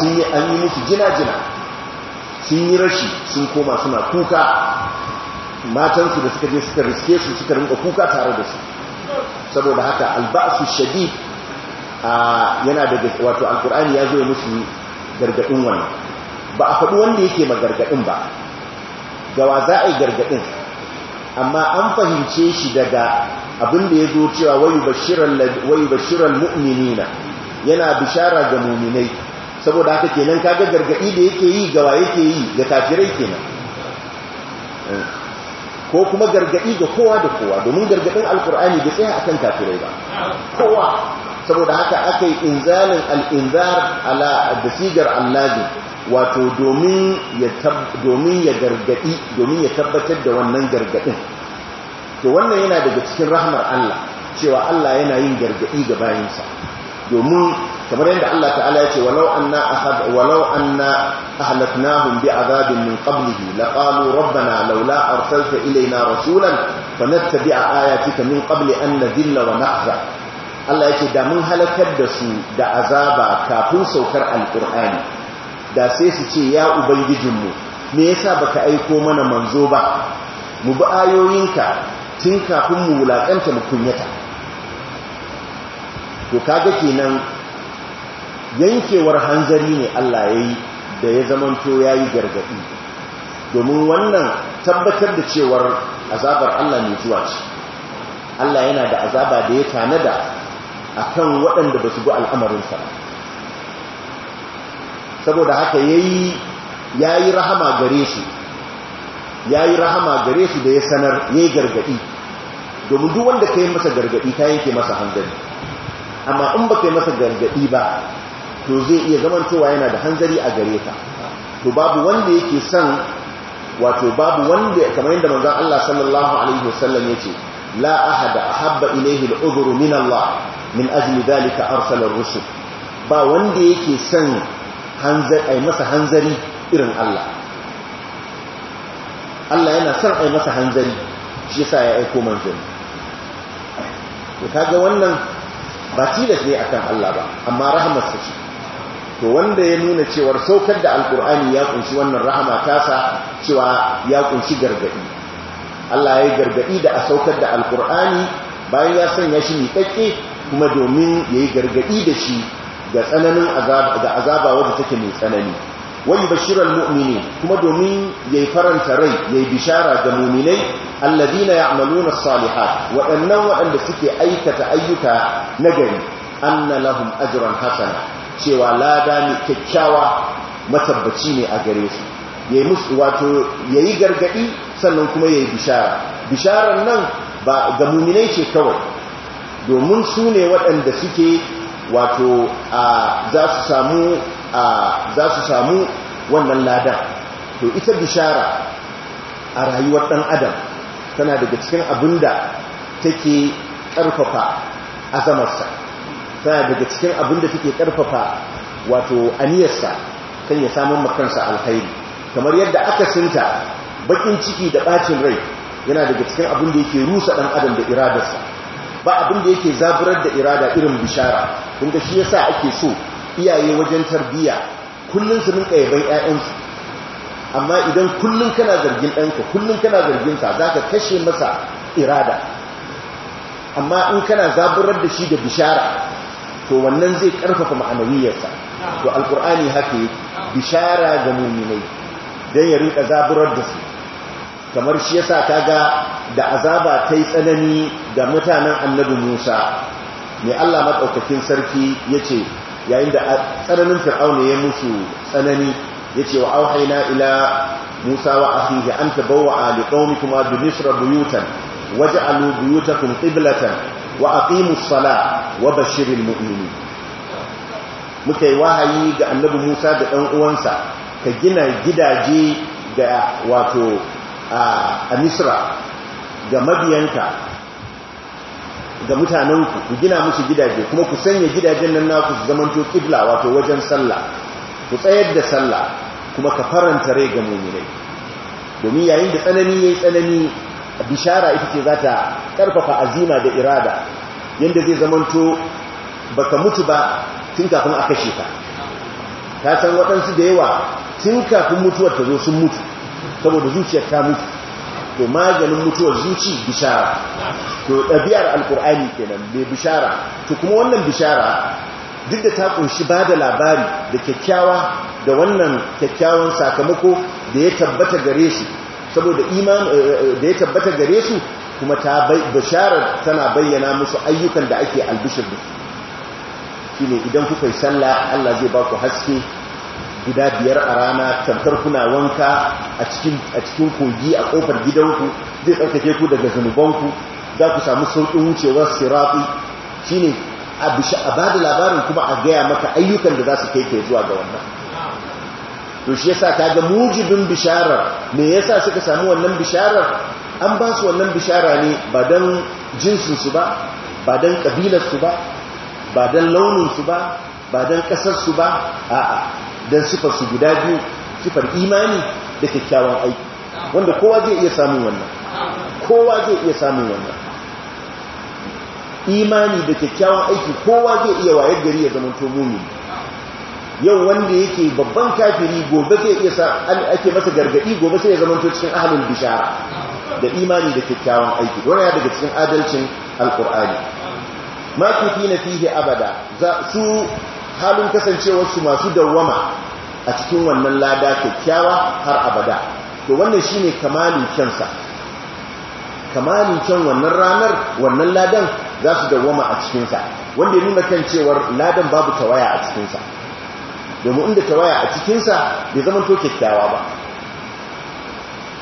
sun yi an yi musu jina-jina sun yi rashi sun koma suna kuka matansu da suka je suka riske su suka rinka kuka tare da su saboda haka albasu shadid yana daga wato alkur'ani ya zo musu gargaɗin wannan ba a faɗi wanda yake magargaɗin ba gawa za a yi gargaɗin amma an fahimce shi daga abin da ya zo cewa wayu bashirar mu'minina yana bishara ga muminai saboda haka kenan kaga gargaɗi da yake yi gawa yake yi ga kafirai kenan eh. ko kuma gargaɗi ga kowa da kowa domin gargaɗin alkur'ani da tsaya akan kafirai ba kowa saboda haka aka yi inzalin al'inzar ala da sigar allazin wato domin ya gargadi domin ya tabbatar da wannan gargadin to wannan yana daga cikin rahmar Allah cewa Allah yana yin gargadi ga bayinsa domin kamar yadda Allah ta'ala ya ce walau anna ahad walau anna ahlaknahum bi'adabin min qablihi laqalu rabbana laula arsalta ilayna rasulan fanattabi'a ayatika min qabli an nadilla wa nahza Allah yake da mun halakar da su da azaba kafin saukar alqur'ani da sai su ce ya ubangijinmu me yasa baka aiko mana manzo ba mu bi ayoyinka tun kafin mu wulaƙanta mu kunyata to kaga kenan yankewar hanzari ne Allah yayi da ya zamanto yayi gargadi domin wannan tabbatar da cewar azabar Allah ne zuwa ci Allah yana da azaba da ya tanada akan waɗanda ba su bi al'amarinsa ba saboda haka yayi yayi rahama gare yayi rahama gare da ya sanar yayi gargaɗi domin duk wanda yi masa gargaɗi ka yanke masa hanzari amma in ba yi masa gargaɗi ba to zai iya zamantowa yana da hanzari a gare ka to babu wanda yake son wato babu wanda kamar yadda manzon Allah sallallahu alaihi wasallam yace la ahada ahabba ilaihi al'udhru min Allah min ajli dhalika arsala ar-rusul ba wanda yake son ai masa hanzari irin Allah Allah yana son ai masa hanzari shi sa ya aiko manzanni to kaga wannan ba tilas ne akan Allah ba amma rahamarsa ce to wanda ya nuna cewar saukar da alkur'ani ya kunshi wannan rahama tasa cewa ya kunshi gargadi Allah ya gargadi da a saukar da alkur'ani bayan ya sanya shi kake kuma domin yayi yi gargadi da shi ga tsananin da azaba wadda take mai tsanani wai bashirar mu'mini kuma domin ya yi faranta rai ya yi bishara ga mu'minai alladina ya'maluna as saliha waɗannan waɗanda suke aikata ayyuka na an na lahun ajran hasana cewa lada ne kyakkyawa matabbaci ne a gare su Ya yi musu wato ya yi gargaɗi sannan kuma ya yi bishara bisharar nan ba ga mu'minai ce kawai domin su ne waɗanda suke wato za su samu za su samu wannan ladan to ita bishara a rayuwar dan adam tana daga cikin abinda take karfafa azamarsa tana daga cikin abinda take karfafa wato aniyarsa kan ya samun makansa alkhairi kamar yadda aka sinta bakin ciki da bacin rai yana daga cikin abin yake rusa dan adam da iradarsa ba abinda yake zaburar da irada irin bishara kun ga shi yasa ake so iyaye wajen tarbiyya kullun su rinka yaban ƴaƴansu amma idan kullun kana zargin ɗanka kullun kana zargin sa zaka kashe masa irada amma in kana zaburar da shi da bishara to wannan zai karfafa ma'anawiyarsa to alqur'ani haka bishara ga mu'minai don ya rinka zaburar da su kamar shi yasa kaga da azaba ta yi tsanani ga mutanen annabi Musa mai Allah maɗaukakin sarki ya ce yayin da tsananin fir'auna ya musu tsanani ya ce wa na ila musa wa ahihi an bawa a liƙaunin kuma da misra buyutan waje alu kun ƙiblatan wa aqimus sala wa bashirin mu'mini muka yi wahayi ga annabi musa da ɗan uwansa ka gina gidaje ga wato a misra ga mabiyanka ga mutanen ku ku gina musu gidaje kuma ku sanya gidajen nan naku su zamanto kibla wato wajen sallah ku tsayar da sallah kuma ka faranta rai ga muminai domin yayin da tsanani yayi tsanani bishara ita ce za ta karfafa azima da irada yanda zai zamanto baka mutu ba tun kafin a kashe ka ka san waɗansu da yawa tun kafin mutuwar ta zo sun mutu saboda zuciyar ta mutu to maganin mutuwar zuci bishara to ɗabi'ar alkur'ani kenan mai bishara to kuma wannan bishara duk da ta kunshi ba da labari da kyakkyawa da wannan kyakkyawan sakamako da ya tabbata gare su saboda iman eh, eh, da ya tabbata gare su kuma ta bisharar tana bayyana musu ayyukan da ake albishir da su shine idan kuka yi sallah Allah zai ba ku haske guda biyar a rana tamkar kuna wanka a cikin kogi a kofar gidanku zai tsarkake ku daga zanubanku za ku samu sauƙin wucewar sirafi shi ne a ba da labarin kuma a gaya maka ayyukan da za su kai kai zuwa ga wannan to shi yasa ta ga mujibin bisharar me yasa suka samu wannan bisharar an ba su wannan bishara ne ba don jinsinsu ba ba don ƙabilarsu ba ba don launinsu ba ba don ƙasarsu ba a'a don sifar su guda biyu sifar imani da kyakkyawan aiki wanda kowa zai iya samun wannan kowa zai iya samun wannan imani da kyakkyawan aiki kowa zai iya wayar gari ya zama tomomi yau wanda yake babban kafiri gobe zai iya sa ake masa gargadi gobe sai ya zama cikin ahalin bishara da imani da kyakkyawan aiki wani ya daga cikin adalcin alkur'ani ma na fihe abada su halin kasancewarsu masu dawwama a cikin wannan lada kyakkyawa har abada to wannan shine kamalin kyansa kamalin kyan wannan ranar wannan ladan za su dawwama a cikinsa wanda ya nuna kan cewar ladan babu tawaya a cikinsa domin inda tawaya a cikinsa bai zama to kyakkyawa ba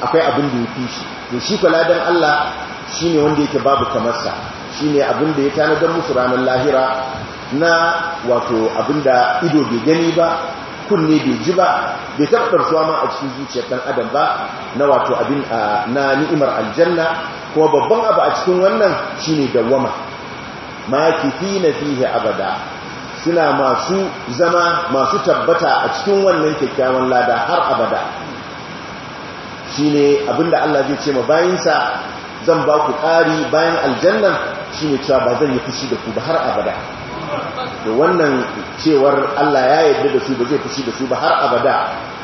akwai abin da ya fi shi to shi ka ladan Allah shi ne wanda yake babu kamarsa shi ne abin da ya tanadar musu ranar lahira na wato abinda ido bai gani ba kunne bai ji ba bai tabbatar suwa ma a cikin zuciyar dan adam ba na wato abin na ni'imar aljanna kuma babban abu a cikin wannan shine dawwama kifina fihi abada suna masu zama masu tabbata a cikin wannan kyakkyawan lada har abada shine abinda Allah zai ce ma bayansa zan ba ku ƙari bayan aljannan shine cewa ba zan yi fushi da ku ba har abada da wannan cewar Allah ya yarda da su ba zai fushi da su ba har abada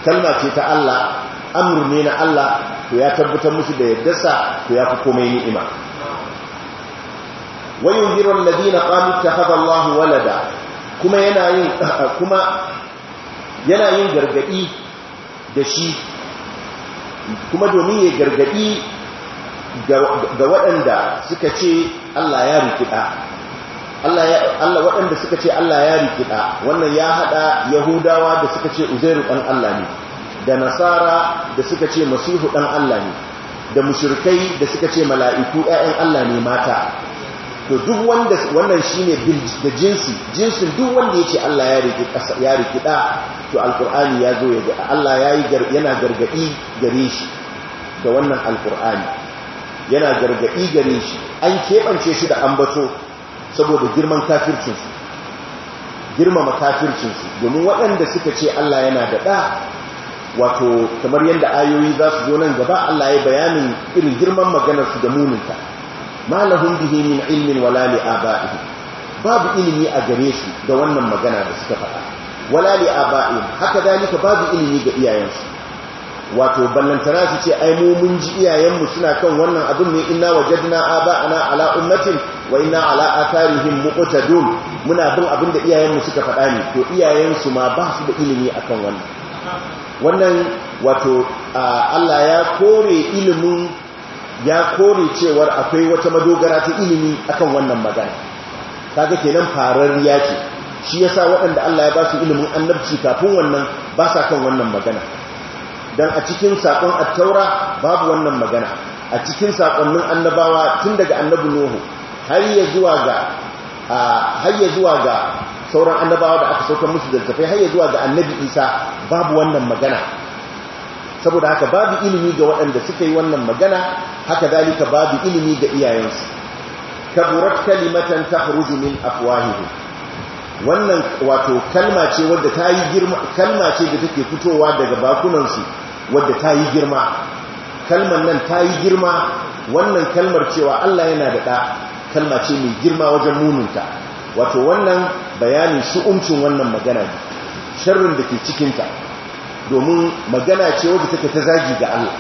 kalma ce ta Allah amru ne na Allah to ya tabbatar musu da sa to ya fi komai ni'ima wayin jiran ladina qalu takhadha Allahu walada kuma yana yin <coughs> kuma yana yin gargadi da shi kuma domin ya gargadi ga waɗanda suka ce Allah ya rufi ɗa Allah waɗanda suka ce Allah ya rikida wannan ya haɗa Yahudawa da suka ce Uzairu ɗan Allah ne da Nasara da suka ce Masihu ɗan Allah ne da mushrikai da suka ce mala'iku ƴaƴan Allah ne mata to duk wanda wannan shine da jinsi jinsin duk wanda yace Allah ya rikida ya rikida to alqur'ani ya zo ya Allah yayi yana gargadi gare shi da wannan alqur'ani yana gargadi gare shi an kebance shi da ambato saboda girman kafircinsu girmama kafircinsu domin waɗanda suka ce Allah yana da ɗa wato kamar yadda ayoyi za su zo nan gaba Allah ya bayanin irin girman maganarsu da muninta ma lahum bihi min ilmin walali a aba'ihim babu ilimi a gare su da wannan magana da suka faɗa walali a aba'ihim haka dalika babu ilimi ga iyayensu wato ballantana su ce ai mu mun ji iyayenmu suna kan wannan abin ne inna wajadna aba'ana ala ummatin wa inna ala atharihim muqtadun muna bin abin da iyayenmu suka faɗa ne to iyayensu ma ba su da ilimi akan wannan wannan wato Allah ya kore ilimin ya kore cewar akwai wata madogara ta ilimi akan wannan magana kaga kenan farar ce shi yasa waɗanda Allah ya ba su ilimin annabci kafin wannan ba sa kan wannan magana don a cikin saƙon attaura babu wannan magana a cikin saƙonnin annabawa tun daga annabi nuhu har ya zuwa ga sauran annabawa da aka saukar musu daltafai har ya zuwa ga annabi isa babu wannan magana saboda haka babu ilimi ga waɗanda suka yi wannan magana haka zalika babu ilimi ga iyayensu kaburat kalimatan ta min afwahihim wannan wato kalma ce wadda ta yi girma kalma ce da take fitowa daga bakunansu wadda ta yi girma kalman nan ta yi girma wannan kalmar cewa Allah yana da ɗa kalma ce mai girma wajen muninta wato wannan bayanin umcin wannan magana ne sharrin da ke cikinta domin magana ce wadda take ta zagi ga Allah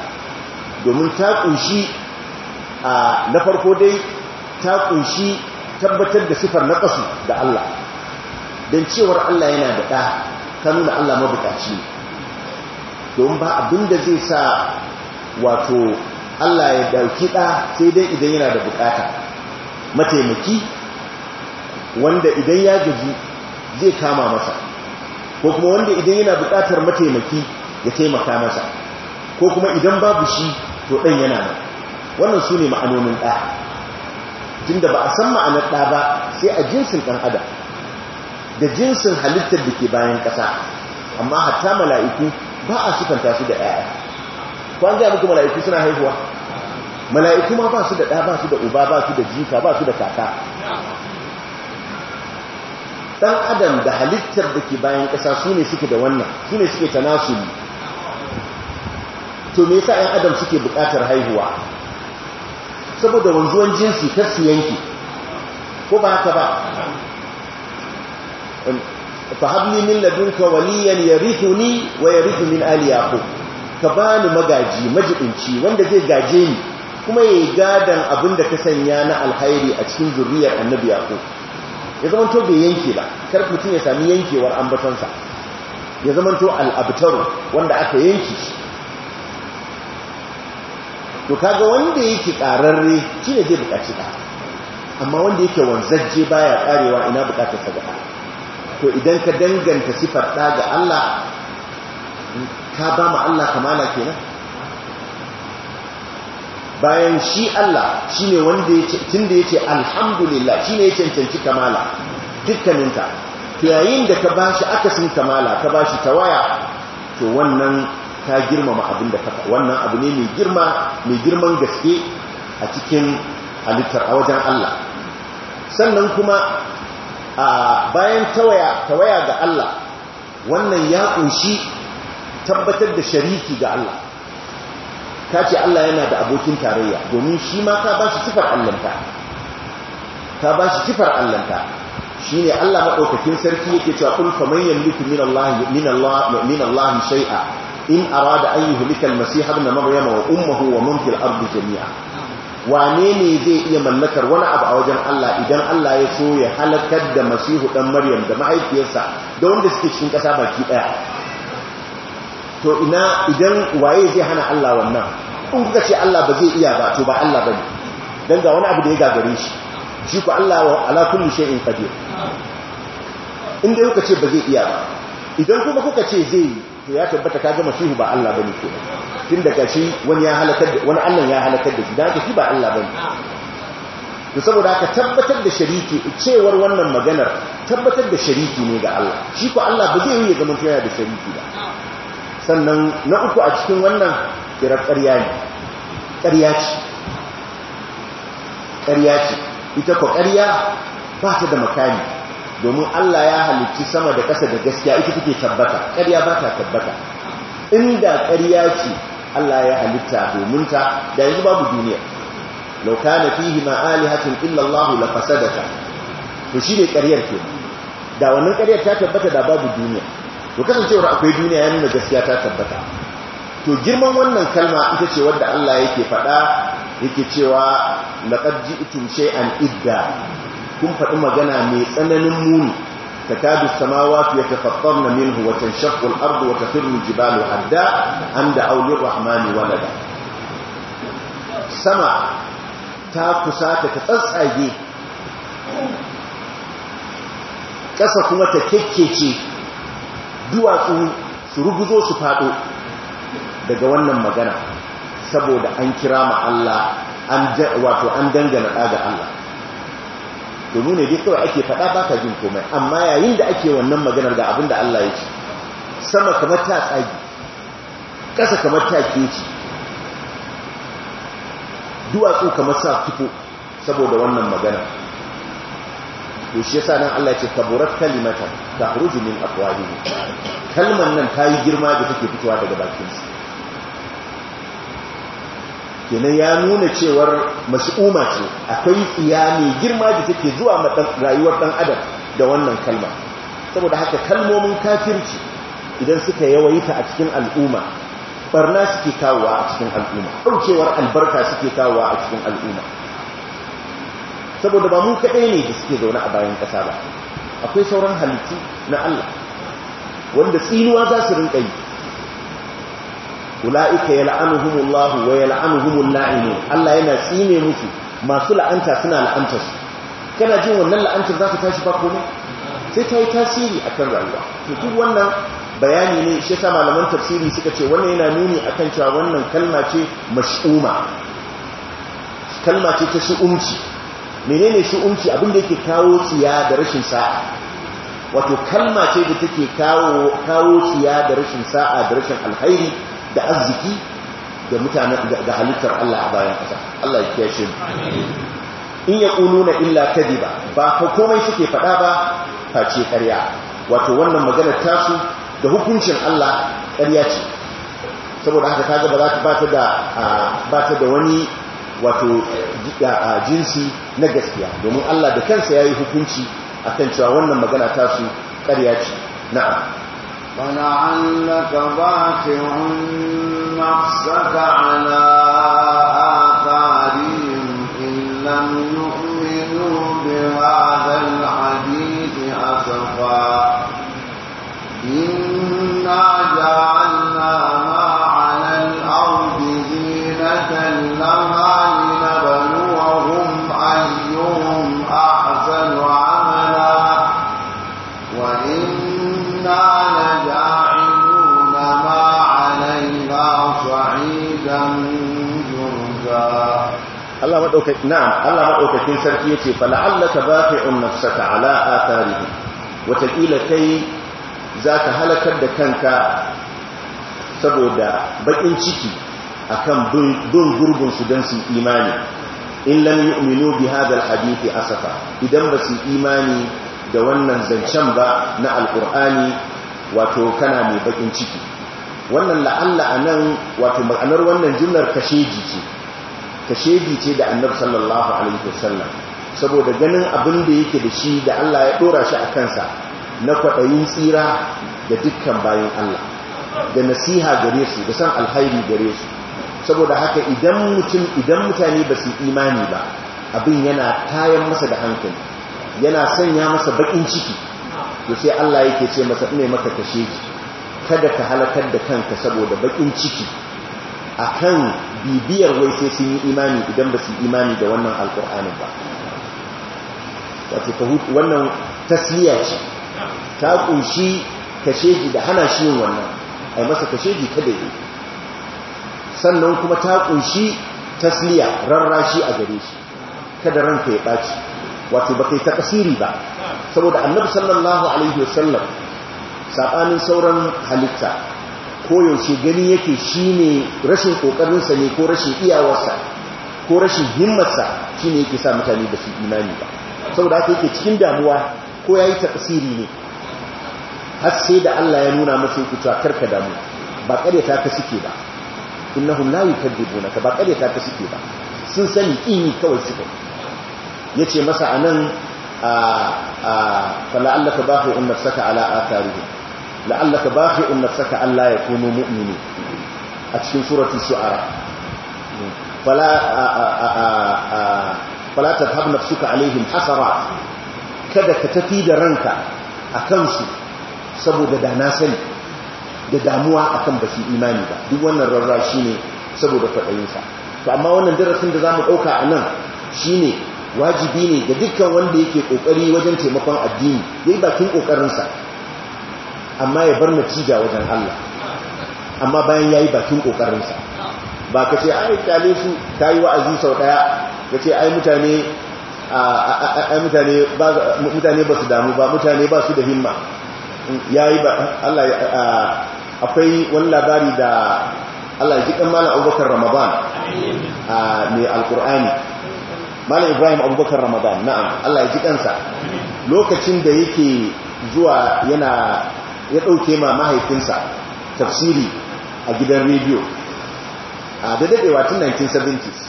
domin ta kunshi a na farko dai ta kunshi tabbatar da sifar kasu da Allah don cewar Allah yana da ɗa ta nuna Allah mabukaci domin ba abin da zai sa wato Allah ya dauki ɗa sai dai idan yana da bukata mataimaki wanda idan ya gaji zai kama masa ko kuma wanda idan yana bukatar mataimaki ya taimaka masa ko kuma idan babu shi to ɗan yana nan wannan su ne ma'anonin ɗa tunda ba a san ma'anar ɗa ba sai a jinsin ɗan adam da jinsin halittar da ke bayan kasa. amma hatta mala'iku ba a sifanta su da ‘ya'ya kwan a muku mala'iku suna haihuwa mala'iku ma ba su da ɗa ba su da uba ba su da jika ba su da kaka ɗan adam da halittar da ke bayan ƙasa su ne suke da wannan su ne suke tanasuli to me yasa ‘yan adam suke buƙatar haihuwa saboda wanzuwan jinsi kar su yanki ko ba haka ba fahabli min ladunka waliyan yarithuni wa yarithu min ali yaqub ka bani magaji majidinci wanda zai gaje ni kuma yayi gadan abinda ka sanya na alkhairi a cikin zuriyar annabi yaqub ya zama to bai yanke ba kar mutun ya sami yankewar ambatansa ya zama to al-abtaru wanda aka yanke shi to kaga wanda yake kararre ne zai buƙaci ka. amma wanda yake wanzajje baya karewa ina bukatar sadaka to idan ka danganta sifar ɗa ga Allah ka ba ma Allah kamala kenan bayan shi Allah shi ne wanda ya ce tun alhamdulillah shi ne ya cancanci kamala dukkaninta to yayin da ka bashi akasin kamala ka bashi shi tawaya to wannan ka girmama abin da kafa wannan abu ne mai girma mai girman gaske a cikin halittar a wajen Allah sannan kuma a bayan tawaya waya ga Allah wannan ya ƙunshi tabbatar da shariki ga Allah Ta ce Allah yana da abokin tarayya domin shi ma ka bashi cifar allanta ka allanta shine Allah maɗaukakin sarki yake cewa kul faman yamliku min Allah in arada an yuhlika al-masih na maryam wa ummahu wa man fil jami'a wane ne zai iya mallakar wani abu a wajen Allah idan Allah ya so ya halakar da masihu dan maryam da mahaifiyarsa da wanda suke cikin ƙasa baki ɗaya to ina idan waye zai hana Allah wannan in kuka ce Allah ba zai iya ba to ba Allah bane dan ga wani abu da ya gagare shi shi ku Allah wa ala kulli shay'in qadir in dai kuka ce ba zai iya ba idan kuma kuka ce zai to ya tabbata kaga masihu ba Allah bane kenan tun da kashi wani ya Allah ya halakar da shi Da haka shi ba Allah bane Da saboda haka tabbatar da shariki cewar wannan maganar tabbatar da shariki ne ga Allah shi ko Allah ba zai yi zama taya da shariki ba sannan na uku a cikin wannan kira ƙarya ne ƙarya ce ƙarya ce ita ko ƙarya ba ta da makami domin Allah ya halicci sama da ƙasa da gaskiya ita take tabbata ƙarya ba ta tabbata inda ƙarya ce Allah ya halitta domin ta da yanzu babu duniya law kana fihi ma alihatun illa Allah la fasadata to shine ƙaryar ke da wannan ƙaryar ta tabbata da babu duniya to kasancewar akwai duniya ya nuna gaskiya ta tabbata to girman wannan kalma ita ce wanda Allah yake faɗa yake cewa laqad ji'tum shay'an idda kun faɗi magana mai tsananin muni تكاد السماوات يتفطرن منه وتنشق الأرض وتخر الجبال هدا أن دعوا للرحمن ولدا سما تاكسات تتسعي ƙasa kuma ta kekkece duwatsu su ruguzo su faɗo daga wannan magana saboda an kira ma wato an dangana ga Allah domin ne dai ake faɗa ba ka jin komai amma yayin da ake wannan maganar ga abin da Allah ya ce sama kamar ta tsagi ƙasa kamar ta keci duwatsu kamar sa fito saboda wannan magana to shi yasa nan Allah ya ce kaburat ta huruji min afwahihi kalman nan ta yi girma da take fitowa daga bakinsa kenan ya nuna cewar mas'uma ce akwai tsiya mai girma da take zuwa rayuwar dan adam da wannan kalma saboda haka kalmomin kafirci idan suka yawaita a cikin al'umma barna suke kawowa a cikin al'umma ɗaukewar albarka suke kawowa a cikin al'umma saboda ba mu kaɗai ne da suke zaune a bayan ƙasa ba akwai sauran halittu na Allah wanda tsinuwa za su rinƙa yi ula'ika Allahu wa yal'anuhumul la'inun Allah yana tsine musu masu la'anta suna la'antar su kana jin wannan la'antar za ta tashi ba komai sai ta yi tasiri akan rayuwa to duk wannan bayani ne shi ta malaman tafsiri suka ce wannan yana nuni akan cewa wannan kalma ce mash'uma kalma ce ta shu'umci menene shu'umci abin da yake kawo tsiya da rashin sa'a wato kalma ce da take kawo kawo tsiya da rashin sa'a da rashin alkhairi da arziki da mutane da halittar Allah a bayan ƙasa Allah ya kiyashe in ya na illa kadiba ba ka komai suke faɗa ba face ƙarya wato wannan maganar tasu da hukuncin Allah ƙarya ce saboda haka ta ba za ta bata da bata da wani wato jinsi na gaskiya domin Allah da kansa ya yi hukunci a kan cewa wannan magana tasu ƙarya ce na'am فلعلك باخع نفسك على آثارهم إن لم يؤمنوا na'am Allah madaukakin sarki yace la'allaka baqi'un nafsaka ala atharihi watakila kai zaka halakar da kanka saboda bakin ciki akan bin gurgun su dan su imani in lam yu'minu bi hadha alhadith asafa idan ba su imani da wannan zancen ba na alqur'ani wato kana mai bakin ciki wannan la'alla anan wato ma'anar wannan jumlar kasheji ce kashedi ce da annabi sallallahu alaihi wasallam saboda ganin abin da yake da shi da Allah ya dora shi a kansa na kwaɗayin tsira da dukkan bayan Allah da nasiha gare su da san alhairi gare su saboda haka idan mutum idan mutane ba su imani ba abin yana tayan masa da hankali yana sanya masa bakin ciki to sai Allah yake ce masa ne maka kashe kada ka halakar da kanka saboda bakin ciki a kan bibiyar wai sai sun yi imani idan ba su imani da wannan alkur'anin ba wato wannan tasliya ce ta kunshi kashegi da hana shi yin wannan ai masa kasheji kada yi sannan kuma ta kunshi tasliya rarrashi a gare shi kada ranka ya ɓaci wato ba yi ta kasiri ba saboda annabi sallallahu alaihi wasallam saɓanin sauran halitta koyaushe gani yake shi ne rashin ƙoƙarinsa ne ko rashin iyawarsa ko rashin himmarsa shi ne yake sa mutane da su imani ba saboda haka yake cikin damuwa ko ya yi taƙasiri ne har sai da Allah ya nuna masa yake cewa karka damu ba ƙaryata ka suke ba innahum la ka ba ƙaryata ka suke ba sun sani ini kawai suka yace masa anan a a fala allaka bahu saka ala'a tarihi. la'allaka bakhi'un nafsaka ya yakunu mu'mini a cikin suratul suara fala fala tadhhab nafsuka alaihim hasarat kada ka tafi da ranka akan su saboda da na sani da damuwa akan ba su imani ba duk wannan shi ne saboda kwaɗayinsa to amma wannan darasin da za mu ɗauka a nan shi ne wajibi ne ga dukkan wanda yake ƙoƙari wajen taimakon addini ya yi bakin ƙoƙarinsa amma ya bar natija wajen Allah amma bayan yayi bakin kokarinsa ba ka ce ai kale su kai wa'azi sau daya ka ai mutane ai mutane ba mutane ba su damu ba mutane ba su da himma yayi ba Allah akwai wani labari da Allah ya ji kan malam Abubakar Ramadan mai alkur'ani malam Ibrahim Abubakar Ramadan na'am Allah ya ji kansa lokacin da yake zuwa yana ya ɗauke ma mahaifinsa tafsiri a gidan rediyo a da daɗewa tun 1970s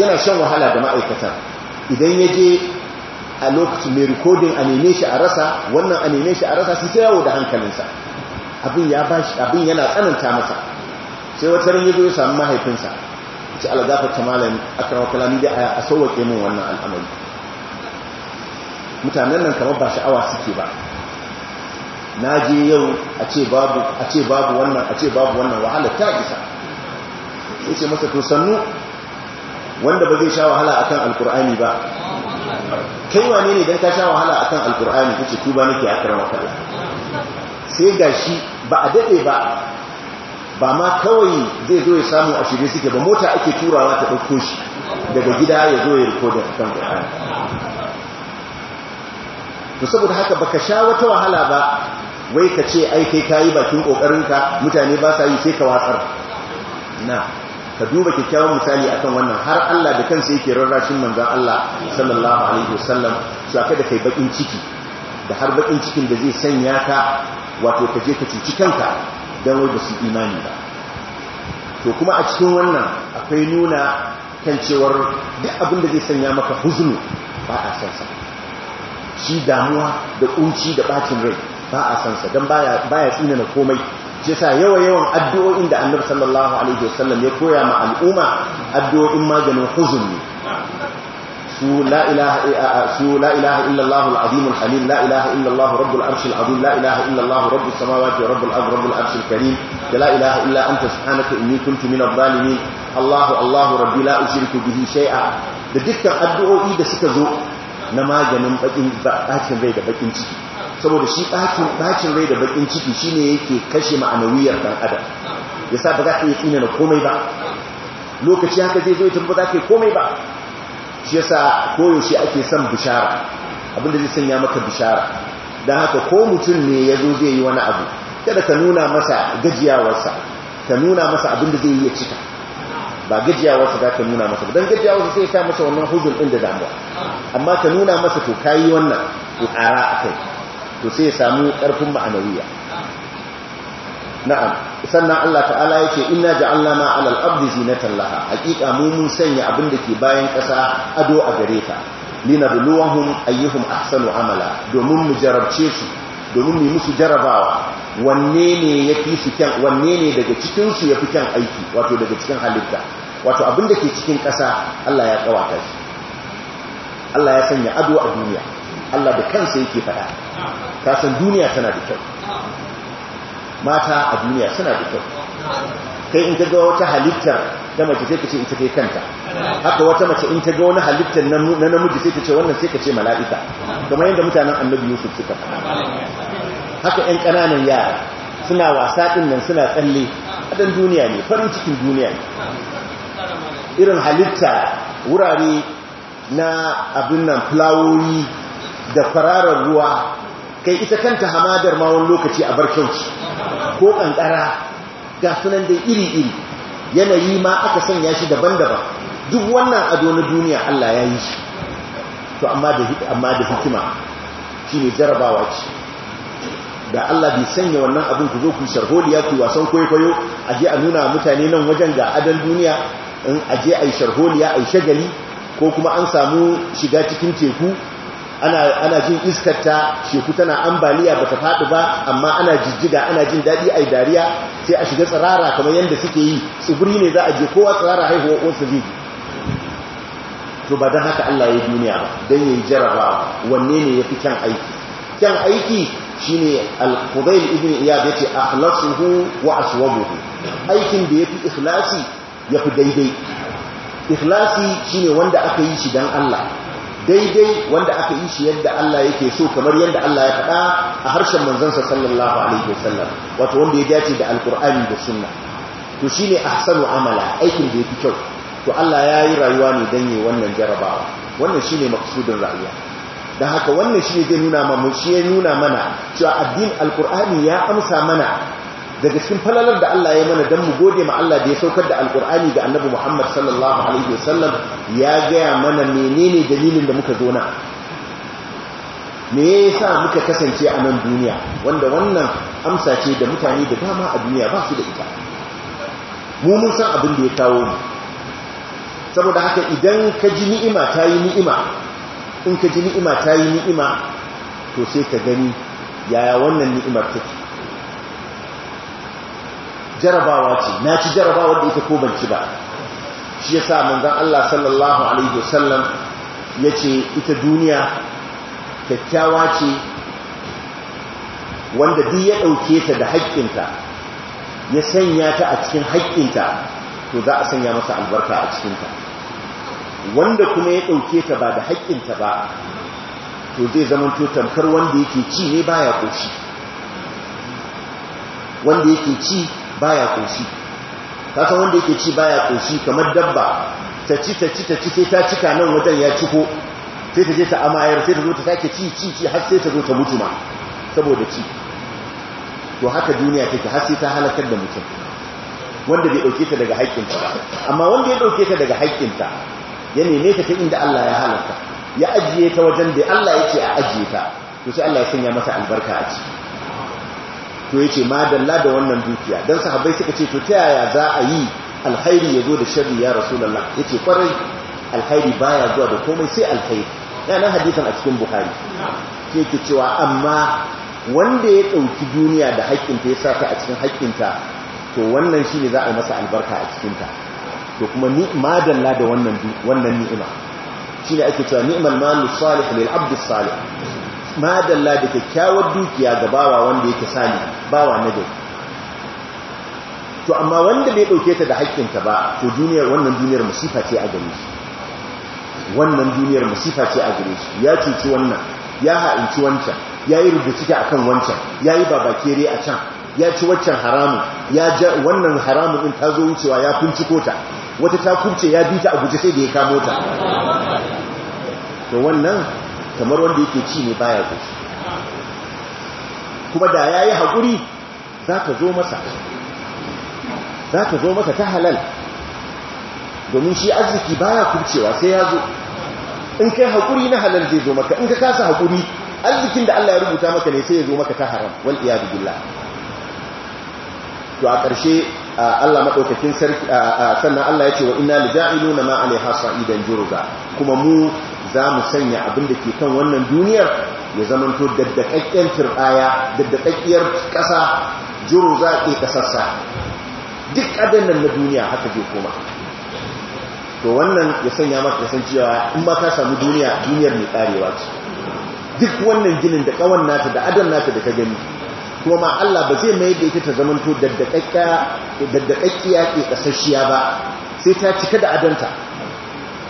yana shan wahala da ma'aikatan idan ya je a lokacin mai rikodin a neme shi a rasa wannan a neme shi a rasa su yawo da hankalinsa abin ya abin yana tsananta masa sai wata ran zo ya samu mahaifinsa ci alagafa ta malami aka wakala kalami da a sauwake min wannan al'amari mutanen nan kamar ba sha'awa suke ba na je yau a ce babu wannan a ce babu wannan wahala ta isa sai ce masa to sannu wanda ba zai sha wahala akan alkur'ani ba kai wane ne don ka sha wahala akan alkur'ani ce tuba nake karama kalla sai ga shi ba a daɗe ba ba ma kawai zai zo ya samu a shirye suke ba mota ake turawa ta ɗauko shi daga gida ya zo ya rikoda kan qur'ani to saboda haka baka sha wata wahala ba wai ka ce ai ka yi bakin ƙoƙarinka mutane ba sa yi sai ka watsar na ka duba kyakkyawan misali akan wannan har Allah da kansa yake rarrashin manzan Allah sallallahu alaihi wasallam su aka da kai bakin ciki da har bakin cikin da zai sanya ka wato ka je ka cuci kanka don wai ba su imani ba to kuma a cikin wannan akwai nuna kan cewar duk abin da zai sanya maka huzunu ba a san shi damuwa da kunci da bakin rai ba a san sa dan baya baya tsina na komai yasa yawa yawan addu'o'in da Annabi sallallahu alaihi wasallam ya koya ma al'umma addu'o'in maganin huzun su la ilaha su la ilaha illa Allah al-azim al-halim la ilaha illa Allah rabbul arshil azim la ilaha illa Allah rabbus samawati wa rabbul ardi rabbul arshil karim la ilaha illa anta subhanaka inni kuntu minadh dhalimin Allahu Allahu rabbi la ushriku bihi shay'a da dukkan addu'o'i da suka zo na maganin bakin bakin rai da bakin ciki saboda shi ɗakin rai da baƙin ciki shine yake kashe ma'anawiyar ɗan adam ya sa ba za ka yi tsina na komai ba lokaci haka zai zo tun ba za ka yi komai ba shi ya yasa koyaushe ake son bishara abinda zai sanya maka bishara don haka ko mutum ne ya zo zai yi wani abu kada ka nuna masa gajiyawarsa ka nuna masa abinda zai yi ya cika ba gajiyawarsa za ka nuna masa don gajiyawarsa sai ya sa masa wannan hujjul ɗin da damuwa amma ka nuna masa to kayi wannan ko ƙara a kai to sai ya samu ƙarfin ma'anawiya na'am sannan Allah ta'ala yake inna ja'alna ma 'alal abdi zinatan laha hakika mu mun sanya abin da ke bayan ƙasa ado a gare ta linabluwahum ayyuhum ahsanu amala domin mu jarabce su domin mu musu jarabawa wanne ne yafi su kyan wanne ne daga cikin su yafi kyan aiki wato daga cikin halitta wato abin da ke cikin ƙasa Allah ya kawata shi Allah ya sanya ado a duniya Allah da kansa yake faɗa kasan duniya tana da kyau mata a duniya suna da kyau kai in ka ga wata halittar ta mace sai ka ce ita kai kanta haka wata mace in ta ga wani halittar na namiji sai ka ce wannan sai ka ce mala'ika kamar yadda mutanen annabi yusuf suka haka yan ƙananan yara suna wasa ɗin nan suna tsalle adan duniya ne farin cikin duniya ne irin halitta wurare na abin nan fulawoyi da kwararar ruwa kai ita kanta hamadar ma wani lokaci a bar kyauci ko kankara ga sunan da iri-iri yanayi ma aka sanya shi daban-daban duk wannan ado na duniya Allah ya yi shi to amma da hikima shi ne jarabawa ce da Allah bai sanya wannan abin ku zo ku sharholiya ku wasan kwaikwayo a je a nuna mutane nan wajen ga adon duniya in a je a yi sharholiya a yi shagali ko kuma an samu shiga cikin teku ana jin iskar ta sheku tana ambaliya bata faɗi ba amma ana jijjiga ana jin daɗi a dariya sai a shiga tsirara kamar yadda suke yi tsibiri ne za a je kowa tsirara haihuwa wasu zai to ba don haka Allah ya duniya ba don ya yi jaraba wanne ne ya fi kyan aiki kyan aiki shine ne fudail ibn iyad yace akhlasuhu wa aswabuhu aikin da ya yafi ikhlasi fi daidai ikhlasi shine wanda aka yi shi don Allah daidai wanda aka yi shi yadda Allah yake so kamar yadda Allah ya faɗa a harshen manzansa sallallahu alaihi wasallam wato wanda ya dace da alkur'ani da sunna to shine ahsanu amala aikin da yake kyau to Allah ya yi rayuwa ne dan yi wannan jarabawa wannan shine maksudin rayuwa dan haka wannan shi zai nuna mana shi ya nuna mana cewa addin alkur'ani ya amsa mana daga cikin falalar da Allah ya mana don mu gode ma Allah da ya saukar da alkur'ani ga annabi Muhammad sallallahu alaihi wasallam ya gaya mana menene dalilin da muka zo na me yasa muka kasance a nan duniya wanda wannan amsa ce da mutane da dama a duniya ba su da ita mu mun san abin da ya kawo mu saboda haka idan ka ji ni'ima ta yi ni'ima in ka ji ni'ima ta yi ni'ima to sai ka gani yaya wannan ni'imar take jarabawa ce na ci jarabawa da ita ko ban ci ba shi ya yasa manzan Allah sallallahu alaihi wasallam yace ita duniya kyakkyawa ce wanda duk ya dauke ta da haƙƙinta ya sanya ta a cikin haƙƙinta to za a sanya masa albarka a cikinta wanda kuma ya ɗauke ta ba da haƙƙinta ba to zai zamanto tamkar wanda yake ci ne baya ƙoshi wanda yake ci baya koshi kasan wanda yake ci baya koshi kamar dabba ta ci ta ci ta ci sai ta cika nan wajen ya ciko sai ta je ta amayar sai ta zo ta sake ci ci ci har sai ta zo ta mutu ma saboda ci to haka duniya take har sai ta halakar da mutum wanda bai dauke ta daga haƙƙinta ba amma wanda ya dauke ta daga haƙƙinta ya neme ta ta inda Allah ya halaka ya ajiye ta wajen da Allah yake a ajiye ta to sai Allah ya sanya masa albarka a ciki to yace madalla da wannan dukiya dan sahabbai suka ce to ta yaya za a yi alkhairi yazo da sharri ya rasulullah yace kwarai alkhairi baya zuwa da komai sai alkhairi yana hadisin a cikin bukhari Ke yake cewa amma wanda ya dauki duniya da haƙƙinta ya saka a cikin haƙƙinta to wannan shine za a yi masa albarka a cikin ta to kuma ni madalla da wannan wannan ni'ima shine ake cewa ni'mal malu salih lil abdus salih dalla da kyakkyawar dukiya ga bawa wanda yake sali bawa na gari to amma wanda bai dauke ta da haƙƙinta ba to duniyar wannan duniyar masifa ce a gare shi wannan duniyar musifa ce a gare shi ya cuci wannan ya ha'inci wancan ya yi rubuta akan wancan ya yi babakere a can ya ci waccan haramun ya ja wannan haramun din ta zo wucewa ya kunci kota wata ta kunce ya bi ta a guje sai da ya kamo ta to wannan kamar wanda yake ci ne baya goshi kuma da ya yi haƙuri za ka zo masa za ka zo masa ta halal domin shi arziki baya kurcewa sai ya zo in kai haƙuri na halal zai zo maka in ka kasa haƙuri arzikin da Allah ya rubuta maka ne sai ya zo maka ta haram wal iyadu billah to a ƙarshe Allah maɗaukakin sarki sannan Allah ya ce wa inna lida'iluna ma alaiha sa'idan juruza kuma mu za mu sanya abin da ke kan wannan duniyar ya to daddakakken firɗaya daddakakkiyar ƙasa jiro za a ƙasarsa duk adannan na duniya haka zai koma to wannan ya sanya maka san cewa in ba ka samu duniya duniyar mai ƙarewa ce duk wannan ginin da ƙawan nata da adan nata da ka gani kuma ma Allah ba zai mai da ita ta to daddakakkiya ke ƙasashiya ba sai ta cika da adanta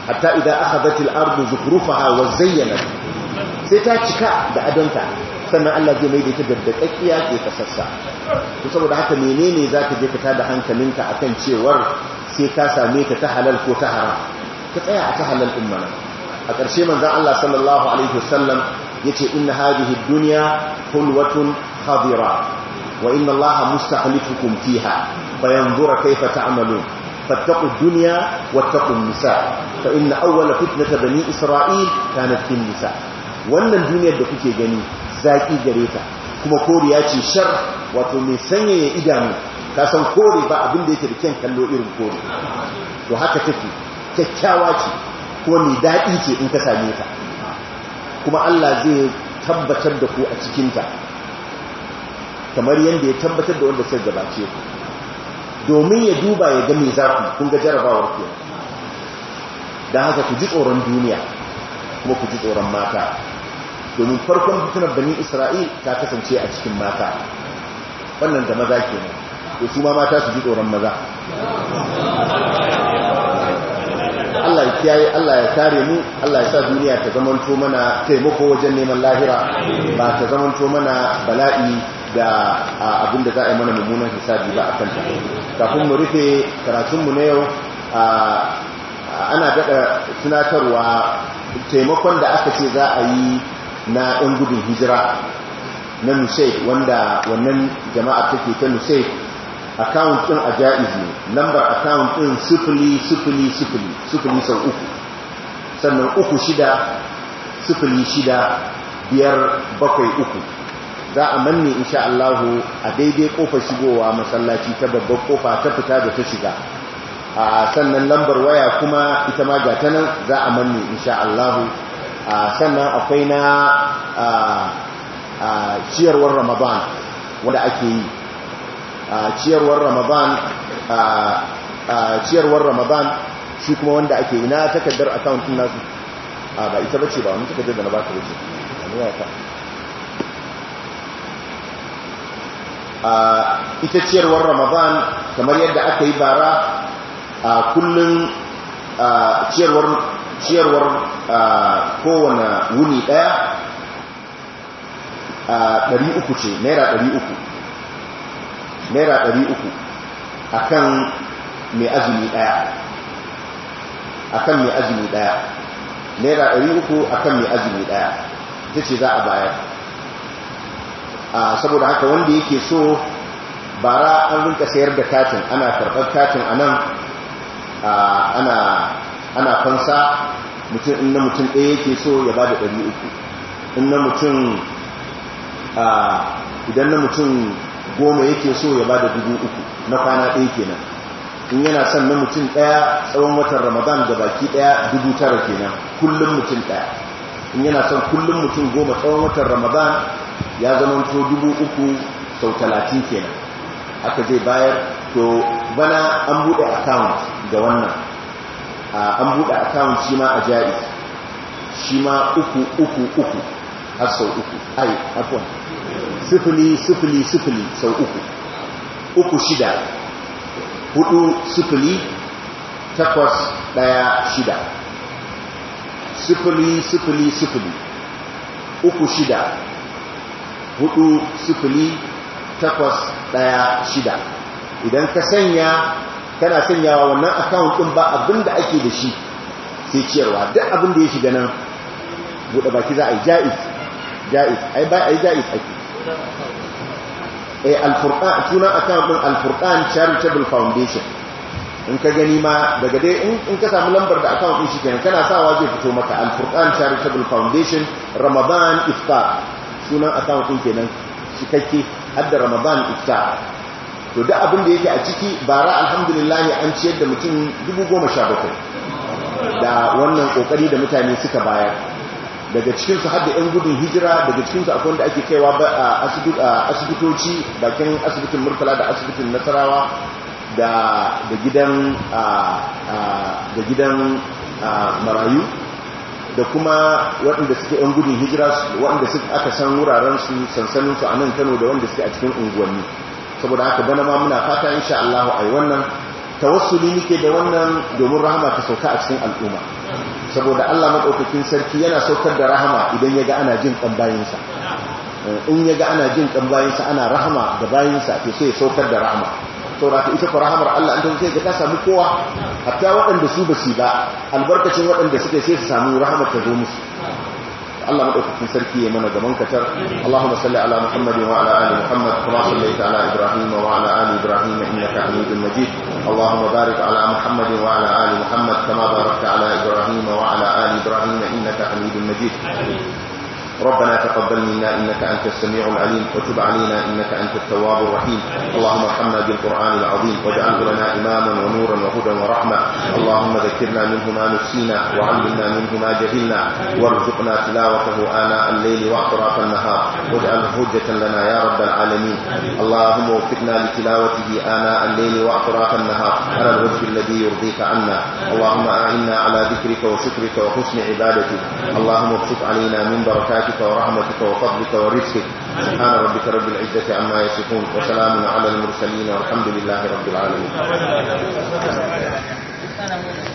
hatta idza akhadat al-ardu zukhrufaha wa zayyanat sai ta cika da adonta sannan Allah zai maida ta daddakakkiya ke kasassa to saboda haka menene zaka je fita da hankalinka akan cewar sai ka same ta ta halal ko ta haram ka tsaya a ta halal din mana a ƙarshe manzon Allah sallallahu alaihi wasallam yace inna hadhihi ad-dunya hulwatun khadira wa inna Allah mustahlifukum fiha fayanzura kayfa ta'malun فاتقوا الدنيا واتقوا النساء فإن أول فتنة بني إسرائيل كانت في النساء wannan duniyar da kuke gani zaƙi gare ta kuma kori ya ce shar wato mai sanyaya idanu ka san kori ba abin da yake da kyan kallo irin kore. to haka take kyakkyawa ce kuma mai daɗi ce in ka same ta kuma Allah zai tabbatar da ku a cikinta kamar yadda ya tabbatar da wanda sai gabace ku domin ya duba ya ga me za kun ga jarabawar ku Da haka ku ji tsoron duniya kuma ku ji tsoron mata domin farkon fitinar bani isra'il ta kasance a cikin mata wannan da maza ke to su ma mata su ji tsoron maza Allah ya kiyaye Allah ya kare mu Allah ya sa duniya ta to mana taimako wajen neman lahira ba ta zamanto mana bala'i da abin da za a yi mana mummunan hisabi ba a kanta kafin mu rufe karatun mu na yau ana daɗa tunatarwa taimakon da aka ce za a yi na 'yan gudun hijira na nusai wanda wannan jama'a take ta nusai account din a jaiz ne lambar account din sifili sifili sau uku sannan uku shida sifili shida biyar bakwai uku za a manne insha Allahu a daidai kofar shigowa masallaci ta babbar kofa ta fita da ta shiga a sannan lambar waya kuma ita ma ga ta nan za a manne insha Allahu a sannan akwai na ciyarwar Ramadan wanda ake yi ciyarwar ramadan ciyarwar ramadan shi kuma wanda ake ina takardar account din nasu a ba ita bace ba wani takardar da na baka bace ita ciyarwar ramadan kamar yadda aka yi bara a kullum ciyarwar kowane wuni daya 300 ce naira 300 naira ɗari uku a kan mai azumi ɗaya a kan mai azumi ɗaya naira ɗari uku a kan mai azumi ɗaya ita ce za a bayar a saboda haka wanda yake so bara an rinka sayar da katin ana karɓar katin a nan ana fansa mutum in mutum ɗaya yake so ya ba da ɗari uku mutum idan na mutum goma yake so ya bada da dubu uku na kwana ɗaya kenan in yana son na mutum ɗaya tsawon watan ramadan da baki ɗaya dubu tara kenan kullum mutum ɗaya in yana son kullum mutum goma tsawon watan ramadan ya zama to dubu uku sau talatin kenan aka zai bayar to bana an buɗe account ga wannan an buɗe account shi ma a jari shi ma uku uku uku har sau uku ai akwai sifili sifili sifili sau uku uku shida hudu sifili takwas daya shida sifili sifili sifili uku shida hudu sifili takwas daya shida idan ka sanya kana sanyawa wannan account din ba abin ake da shi sai ciyarwa duk abin da ya shiga nan buɗe baki za a yi ja'iz ja'iz ai ba a yi ja'iz ake eh alfurqan sunan account din alfurqan charitable foundation in ka gani ma daga dai in ka samu lambar da account din shikenan kana sawa zai fito maka alfurqan charitable foundation ramadan iftar sunan account din kenan cikakke har da ramadan iftar to duk abin da yake a ciki bara alhamdulillah an ciyar da mutum 17,000 da wannan kokari da mutane suka bayar daga cikinsu har 'yan gudun hijira daga cikinsu akwai wanda ake kaiwa a asibitoci bakin asibitin murtala da asibitin nasarawa da gidan marayu da kuma waɗanda suke 'yan gudun hijira waɗanda suka aka san wurarensu sansaninsu a nan kano da wanda suke a cikin unguwanni saboda haka bana ma muna fata in insha Allah yi wannan tawassuli muke da wannan domin rahama ta sauka a cikin al'umma saboda Allah madaukakin sarki yana saukar da rahama idan yaga ana jin kan bayinsa eh, in yaga ana jin kan bayinsa ana rahama da bayinsa ke sai ya saukar da rahama saboda ita ku rahamar Allah an sai ga ta samu kowa hatta waɗanda su su ba albarkacin waɗanda suke sai su samu rahama ta zo musu Allah madaukakin sarki ya mana gaban katar Allahumma salli ala Muhammad wa ala ali Muhammad kama sallaita ala Ibrahim wa ala ali Ibrahim innaka Hamidum Majid Allahumma barik ala Muhammad wa ala ali Muhammad kama barakta ala Ibrahim wa ala ali Ibrahim innaka Hamidum Majid ربنا تقبل منا إنك أنت السميع العليم وتب علينا إنك أنت التواب الرحيم اللهم ارحمنا بالقرآن العظيم واجعله لنا إماما ونورا وهدى ورحمة اللهم ذكرنا منه ما نسينا وعلمنا منه ما جهلنا وارزقنا تلاوته آناء الليل واطراف النهار واجعله حجة لنا يا رب العالمين اللهم وفقنا لتلاوته آناء الليل واطراف النهار على الوجه الذي يرضيك عنا اللهم أعنا على ذكرك وشكرك وحسن عبادتك اللهم ابسط علينا من بركاتك برحمتك ورحمتك وفضلك ورزقك سبحان ربك رب العزة عما يصفون وسلام على المرسلين والحمد لله رب العالمين